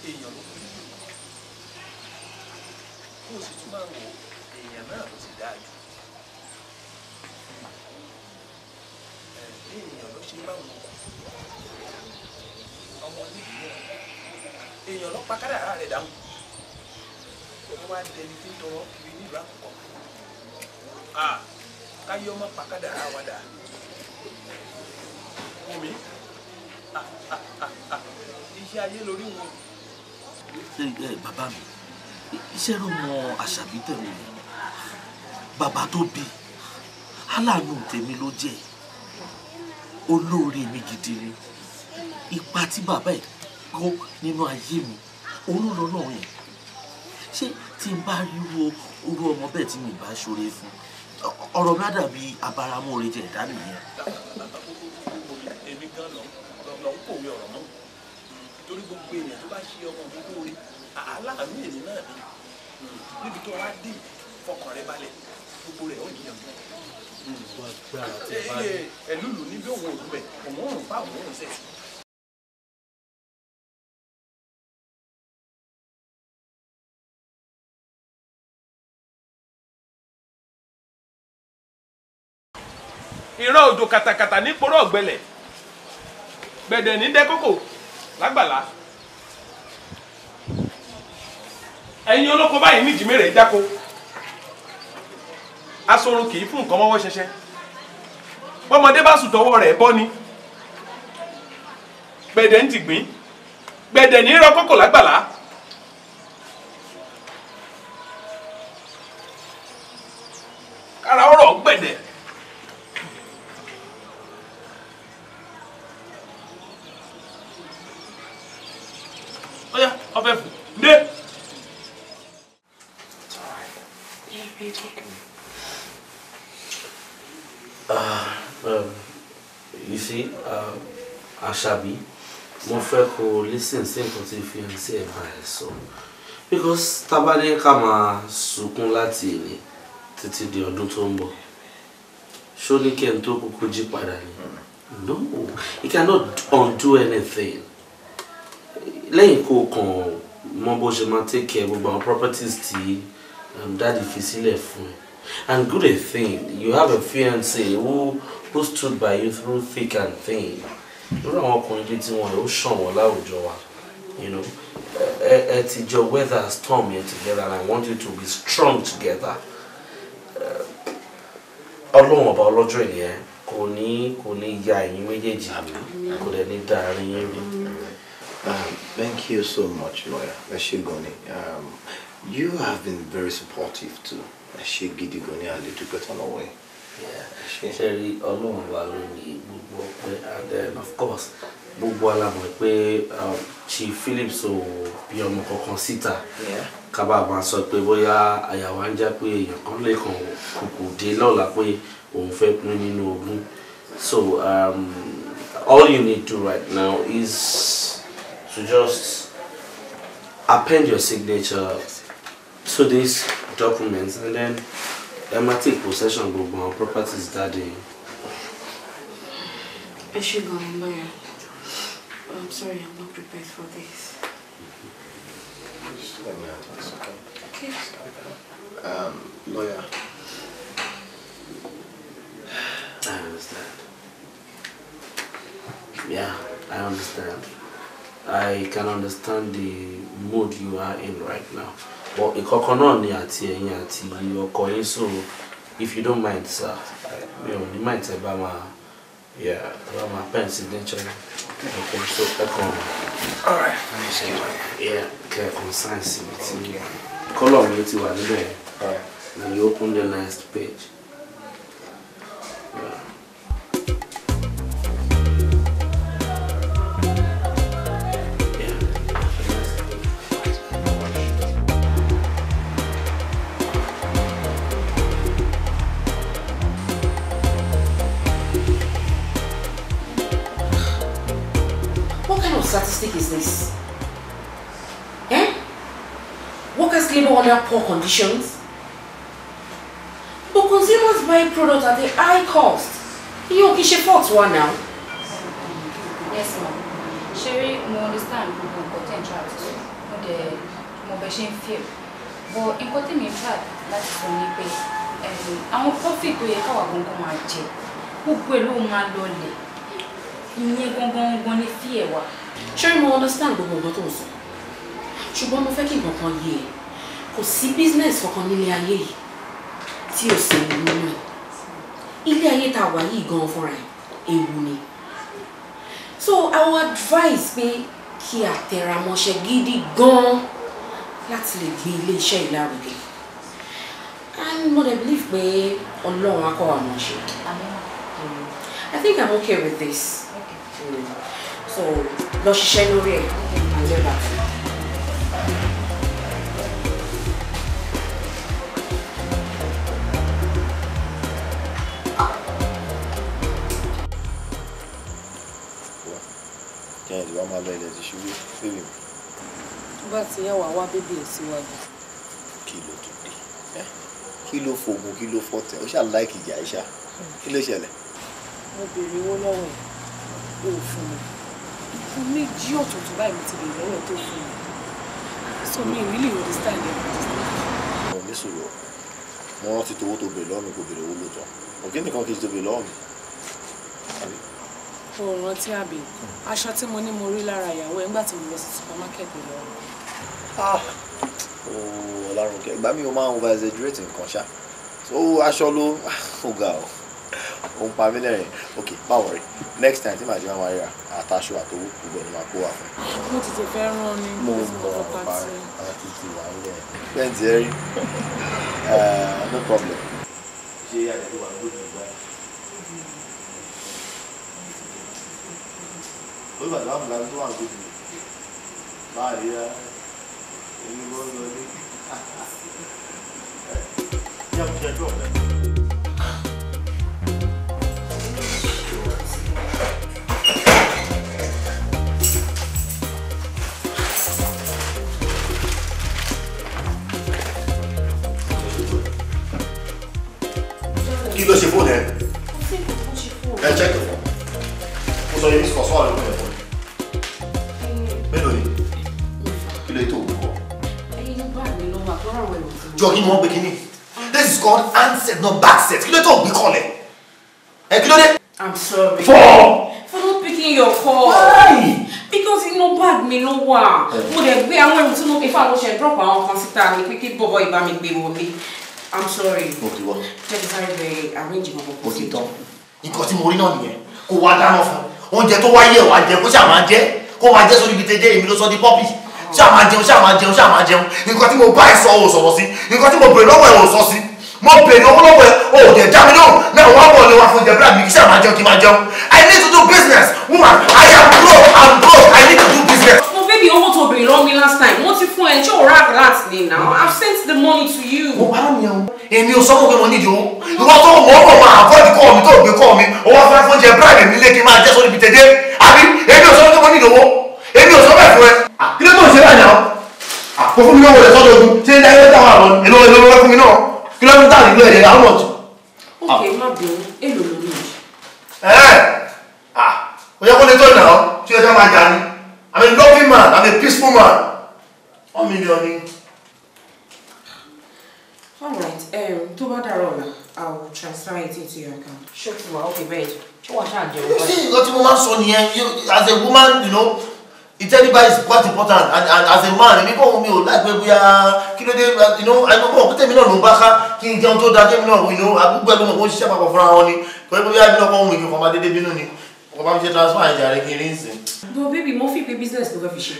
èèyàn ló fi lù kó o sì tún máa wọ èèyàn náà ló ti dáa jù èèyàn ló ṣe máa wọ ọmọ nídìí náà èèyàn ló pa kádàrá rẹ̀ dáhùn ó wá dẹni tí tọrọ kiri nílùú àkọ́kọ́. Ah, ọmọ pàkádà àwàdà omi ah, ah, ah, iṣẹ́ ayé lórí wọn. bàbá mi iṣẹ́ ló mọ àṣàbí tẹ̀lé mi bàbá tó bí aláàánú tèmi ló jẹ́ olóore mi gidi ni ipa tí bàbá ẹ̀ kó nínú ayé mi òun lọ́nà yẹn ṣé tí n bá rí irú ọmọ bẹ́ẹ̀ tí mi bá ṣoore fún ọ̀rọ̀ mi á dàbí abáramú orin jẹ ìdá nìyẹn. èmi gan lọ ń kòwé ọ̀rọ̀ mọ́ torí gbogbo èèyàn tó bá ṣe ọmọ mi lóore aláàánú èmi náà ni níbi tó wá dé fọkàn rẹ balẹ̀ gbogbo rẹ̀ ó yíyan gan. ẹlúlu ní bí òun ò bẹ òun ò rún fáwọn òun sẹ́sì. ìran òjò kàtàkàtà ní poró ọ̀gbẹ́lẹ̀ gbẹ̀dẹ̀ ní dẹ́kókò lágbàlá ẹ̀yin olóko báyìí ní ìjìmẹ́rẹ̀ dáko asorun kì í fún nǹkan mọ́wọ́ ṣẹṣẹ bọ́mọdé bá sùn tọwọ́ rẹ̀ bọ́ ni gbẹ̀dẹ̀ ń dìgbín gbẹ̀dẹ̀ ní rọ kókò lágbàlá. ṣàbí mo fẹ́ kó o listen sí nǹkan tí fi hàn sí ẹ̀ka ẹ̀ sọ because tábàdé ká máa sunkún láti èlé títí di ọdún tó ń bọ̀ ṣó ní kí n tó kúkú jí padà ni no you cannot undo anything lẹ́yìn kó o kàn mọ bó ṣe máa take care gbogbo àwọn properties tí um, dáàdi fi sílẹ̀ fún ẹ and good thing you have a fiancé who who stood by you through thick and thin irú àwọn ọkùnrin bíi tiwọn yóò ṣàn wọ́n láwùjọ wa you know ẹ ẹ ti jọ weather storm yẹn together and I want you to be strong together ọlọ́run ọba ọlọ́jọ́ ìyẹn kò ní kò ní ya ẹ̀yin méjèèjì kò dẹ̀ ní da àárín yín rú. Um, thank you so much lawyer ẹ ṣé gan um, you have been very supportive too ẹ ṣé gidi gan ni a lè dúpẹ́ tán lọ́wọ́ yìí ṣe rí ọlọ́run wa lónìí gbogbo ọpẹ́ and then of course gbogbo alamọ̀ pé um, Chief Phillips ò bí ọmọ kankan síta kábà máa sọ pé bóyá àyàwó ń já pé èèyàn kan lè kùkù dé lọ́la pé òun fẹ́ pín nínú ogún so um, all you need to right now is to just append your signature to these documents and then. ẹ take possession of my properties Daddy. Is she ẹ gan lọ́yà I'm sorry I'm not prepared for this. Okay. Um, lawyer. I understand. Yeah, I understand. I can understand the mood you are in right now. but ìkọ̀kan náà ni àti ẹ̀yin àti ọkọ yín so if you don't mind sir mi ò ní mind ẹ bá máa yeah, ẹ bá máa pẹ́ sí dẹ́chẹ́ ẹ̀kọ́ so ẹ̀kọ́ kẹ̀kọ́ sáyẹ̀nsì mi ti kọ́lọ̀ mi ti wà níbẹ̀ and you open the last page. Yeah. statistic is this? Eh? Workers labor under poor conditions, but consumers buy products at a high cost. You okay? She fault one now. Yes, ma'am. Sherry, mo understand gbogbo nǹkan tẹ̀ ń tra àti sọ. Mo dẹ̀ mo bẹ̀ ṣe ń feel. But nǹkan tí mi fà láti sọ ni pé àwọn profit tó yẹ káwa gbọ̀ngàn máa jẹ. Gbogbo ẹ̀ ló máa lọlẹ̀. Ìyẹn gbọ̀ngàn gbọ̀ngàn ní fíẹ̀ wa ṣé mo understand gbogbo nǹkan tó ń sọ ṣùgbọ́n mo fẹ́ kí nǹkan kan yé e kò sí business kankan nílé ayé yìí tí ò sí ewu nínú ẹ̀ ilé ayé tá a wà yìí gan fúnra ẹ̀ ewu ni so our advice pé kí a tẹra mọ́ṣẹ́ gidi gan láti lè gbé ilé iṣẹ́ yìí lárugẹ and mo dey believe pé ọlọ́run á kọ́ wa mọ̀ ṣe i think i'm okay with this so lọ ṣiṣẹ́ lórí ẹ̀ and get back. kẹ́hìn tí wọ́n máa lọ ilẹ̀ ti ṣubú bébì mi. tó bá ti yẹ wàá wá bébì ẹ̀ síwájú. kí ló tó dé kí ló fògùn kí ló fọ̀tẹ̀ ó ṣáà láìkì ìjà ìṣá kí ló ṣẹlẹ̀. mo béèrè owó lọ́wọ́ ẹ̀ ó fún mi mo méjì ọ̀tọ̀ọ̀tọ̀ báyìí mo ti lè lọ́wọ́ tó fún mi so mi ì really understand ẹ̀ mo ní sọ̀rọ̀ mo rántí towó tó bèrè lọ́wọ́ mi kò bèrè owó lóòótọ́ ọ̀gẹ́ nìkan kì í tó bèrè lọ́wọ́ o rántí àbí aṣọ tí mo ní mo rí lára ìyàwó ẹ̀ ńgbà tí mo lọ sí supermarket lọ. Ah! ọ̀làrùn kẹ́ ìgbà mi ò máa ń over exaggerate nǹkan ṣá so aṣọ ló ah, ó ga ọ́. ó ń pa mí lẹ́rìn ok báwo rí next time tí màá ti máa máa ríra àtàṣọ àtòwò gbogbo ẹni máa kó wà fún. mo ti tẹ fẹ́ rán ni mo mọ ọba àti ti wà ń lẹ̀. bẹ́ẹ̀ ti rí eh, no problem. ṣé àyẹ̀wò wà lóde ìgbà yìí. olùbàdàn wà bùkátà tó wà lóde ìgbà yìí. máa rí ra ẹni bọ́ lọ ní. yàtọ̀ ṣe ẹjọ́ ọ̀rẹ́. kí ló ṣe fóònù ẹ. kò sí nǹkan tó ṣe fóònù. ẹ jẹ́ kẹfọ́ mo sọ yẹn ní sọ̀sọ́ àlọ́ mẹ́rin fún mi. mélòó ni kí ló tó kọ. ẹyin bá mi lọ́wọ́ àtọ́rọ̀ this is called handset not backset kí ló tó gbé kọlẹ̀ ẹ kí ló dé. i'm sorry. for. for not picking your call. why because you inú bag mi ló wà mo dẹ̀ gbé àwọn to tí mo fi fáwọn ṣe drop àwọn kan síta ni pé kí bọ́bọ́ ìbá mi gbé wọlé I'm sorry. Okay, what? wọ. jẹ́bi sáré bẹ arrange ìmọ̀ pọ̀pọ̀. o ti tán nǹkan tí mo rí náà nìyẹn kó wá dáná On oúnjẹ tó wáyé ẹ̀ wá jẹ kó ṣáà máa jẹ kó wá jẹ sórí ibi tẹ́jẹ́ èmi ló sọ di pọ́pì ṣáà máa on ṣáà máa on ṣáà máa jẹun nǹkan tí mo bá ẹ sọ ò sọ̀rọ̀ sí nǹkan tí mo bèrè lọ́wọ́ ẹ ò sọ sí mo bèrè owó lọ́wọ́ ẹ ò dẹ̀ já mi náà náà wọ́n bọ̀ lọ́wọ́ fún jẹ̀bíra mi kí ṣáà máa jẹun kí máa I need to do business woman I am broke I'm broke I need to do business. mo baby, owó tó obìnrin lọ́mí last time wọ́n ti fún ẹ ṣé o rà now mm. I've sent the money to you. mo bá mi àwọn. you. ò sọ́kùn pé mo nídìí o to tó mọ̀ ọ́ máa avoid kọ́ mi tó gbé kọ́ mi owó afẹ́ fún jẹ bride only be today. I mean, jẹ́ sórí ibi tẹ̀dé àbí èmi ò sọ́kùn pé mo nídìí o èmi ò You ẹ̀fọ́ ẹ. Ah, kí now? Ah, ṣe báyìí náà ah, kò fún mi náà Say that ogun ṣé ilé ayé táwọn àlọ́ èlò èlò you know. You náà kí ló ń tà nílò ẹ̀jẹ̀ how much. ok ah. má bẹ̀rù èlò lórí. ẹ eh! ẹ ah òye want to do ìnáwó tí Just máa jà money. I'm a loving man. I'm a peaceful man. One million. All right. Um, tó bá dàrọ̀ ọ̀la, I will transfer it into your account. Ṣé o ti wà okay bẹ́ẹ̀? Ṣé wàá You see, nǹkan tí mo máa ń sọ as a woman, you know, ìtẹ́ríba is quite important and, and as a man, èmi kò mi ò láìpẹ́ bóyá kí ló dé, you know, àìpẹ́ bọ̀ kí tèmi náà ló bá ká kí n jẹun tó dáa, kí èmi náà, you know, àgbúgbẹ́ ló mọ̀ kó ń ṣiṣẹ́ papọ̀ fúnra wọn ni, pẹ̀lú bóyá ẹbí náà kọ́ ohun ìkẹ́kọ̀ọ́ máa dédé bínú ni wọ́n bá mi ṣe transfer ẹ̀jẹ̀ rẹ̀ kiri ń sìn. baby mo fi pe business to fẹ́ fi ṣe.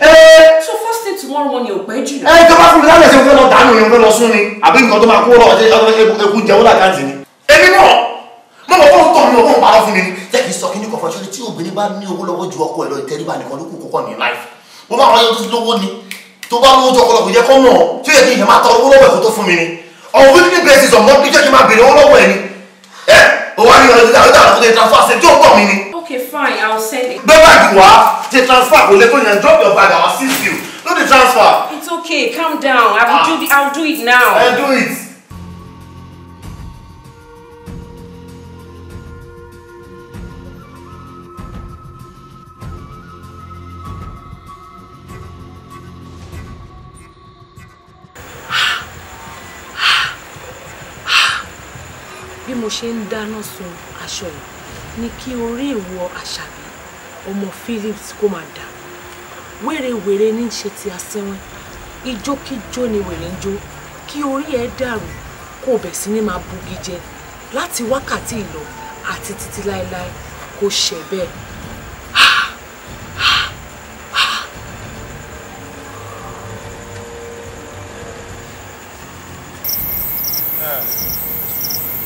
so first thing tomorrow morning ò pẹ́ jù. ẹ tó bá fún mi lálẹ́ ṣe fẹ́ lọ dànù yẹn fẹ́ lọ sún ni àbí nǹkan tó máa kó lọ ọjọ́ eku jẹ́ wọ́n lákàntì ni. èmi náà mo mọ̀ fóun tọ̀ mi ò fóun parọ́ fún mi ni. jẹ́ kí n sọ kíní kọ̀ọ̀kan ṣọlẹ̀ tí obìnrin bá ní owó lọ́wọ́ ju ọkọ ẹ̀ lọ ìtẹríba nìkan ló kù kọ́kọ́ ní life. mo máa wáyé tó lówó ni tó bá lówó jọkọ lọ́kùn jẹ́ kọ́ mọ̀ tí ó yẹ kí ìyẹn máa tọ owó lọ́wọ́ ẹ̀kọ́ tó fún mi ni. ọ̀hún fún mi bẹ̀rẹ̀ sí sọ̀mọ́ bí jẹ́ kí máa bèrè owó lọ́wọ́ ẹ̀ ni. ẹ òwò àríyànjú dáadáa ló dé transfer ṣe tí ó pọ̀ mi ni. Okay, fine, I'll send it. Don't like you are. The transfer will let you and drop your bag. I'll assist you. Do the transfer. It's okay. Calm down. I will ah. do the, I'll do it now. I'll eh, do it. bí mo ṣe ń dáná sun aṣọ yìí ni kí orí ìwọ àṣàbí ọmọ Philips kó máa dà wèrèwèrè ní ṣe ti asẹ́wọ́n ijókíjó ni wèrè ń jó kí orí ẹ dàrú kó o bẹ̀ sí ní máa bugi jẹ láti wákàtí ìlọ àti títí láéláé kó ṣẹ bẹ́ẹ̀.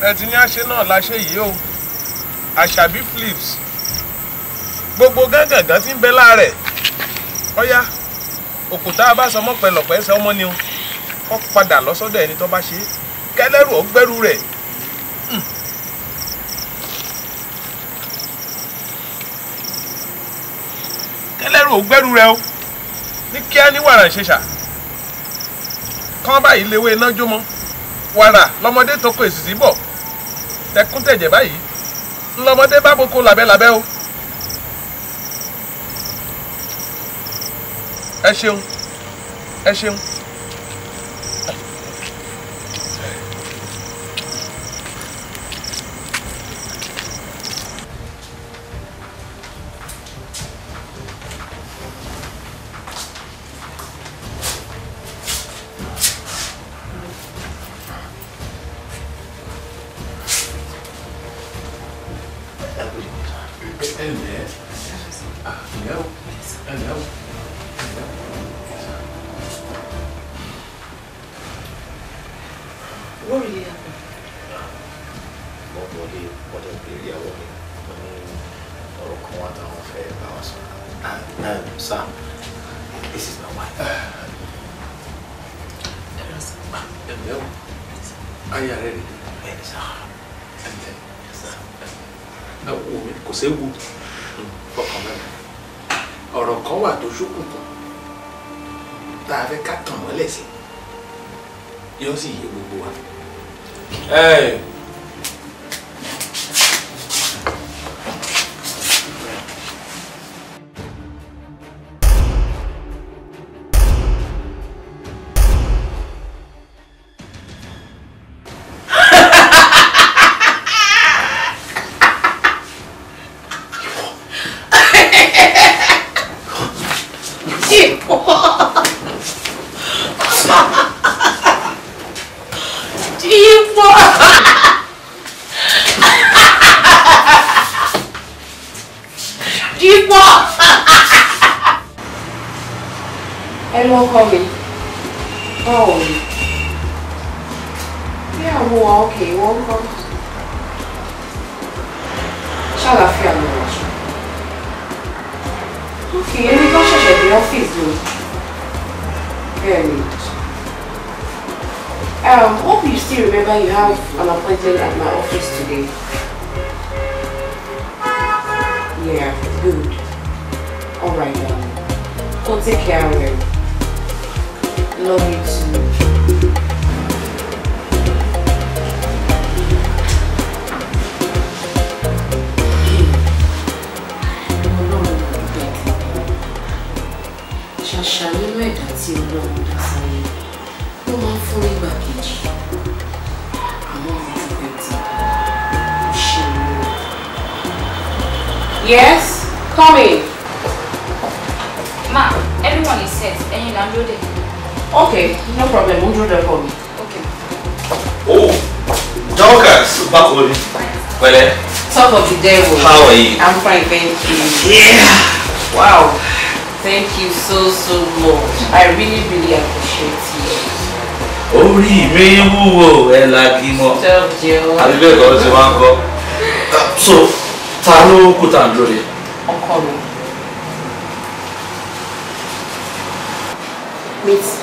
ẹ ti ní àṣẹ náà láṣẹ yìí o àṣàbí flips gbogbo gángangan ti ń bẹ láàrẹ̀ ọ̀yá òkúta abásọmọ pẹlọpẹ ẹsẹ ọmọ ni o kọ padà lọ́sọ́dọ̀ ẹni tó bá ṣe é kẹlẹ́rù ọgbẹ́rù rẹ̀ hmm. kẹlẹ́rù ọgbẹ́rù rẹ̀ o ní kíá ní wàrà ìṣẹ̀ṣà kán báyìí léwé iná jó mọ́ wàrà lọ́mọdé tó kọ èsì sí bọ̀ báyìí lọmọdé bá boko làbẹ́làbẹ́ o ẹ ṣeun ẹ ṣeun. and help. Coming, Ma, everyone is set. And you're loaded. Okay, no problem. We'll draw that for me. Okay. Oh, Dorcas, back on it. Well, eh? Talk of the devil. Oh. How are you? I'm fine, thank you. Yeah. Wow. Thank you so, so much. I really, really appreciate you. orí mi wúwo ẹ la kí mọ àbí bẹ́ẹ̀ kọ́ ló ti máa ń kọ́ so ta ló olha um.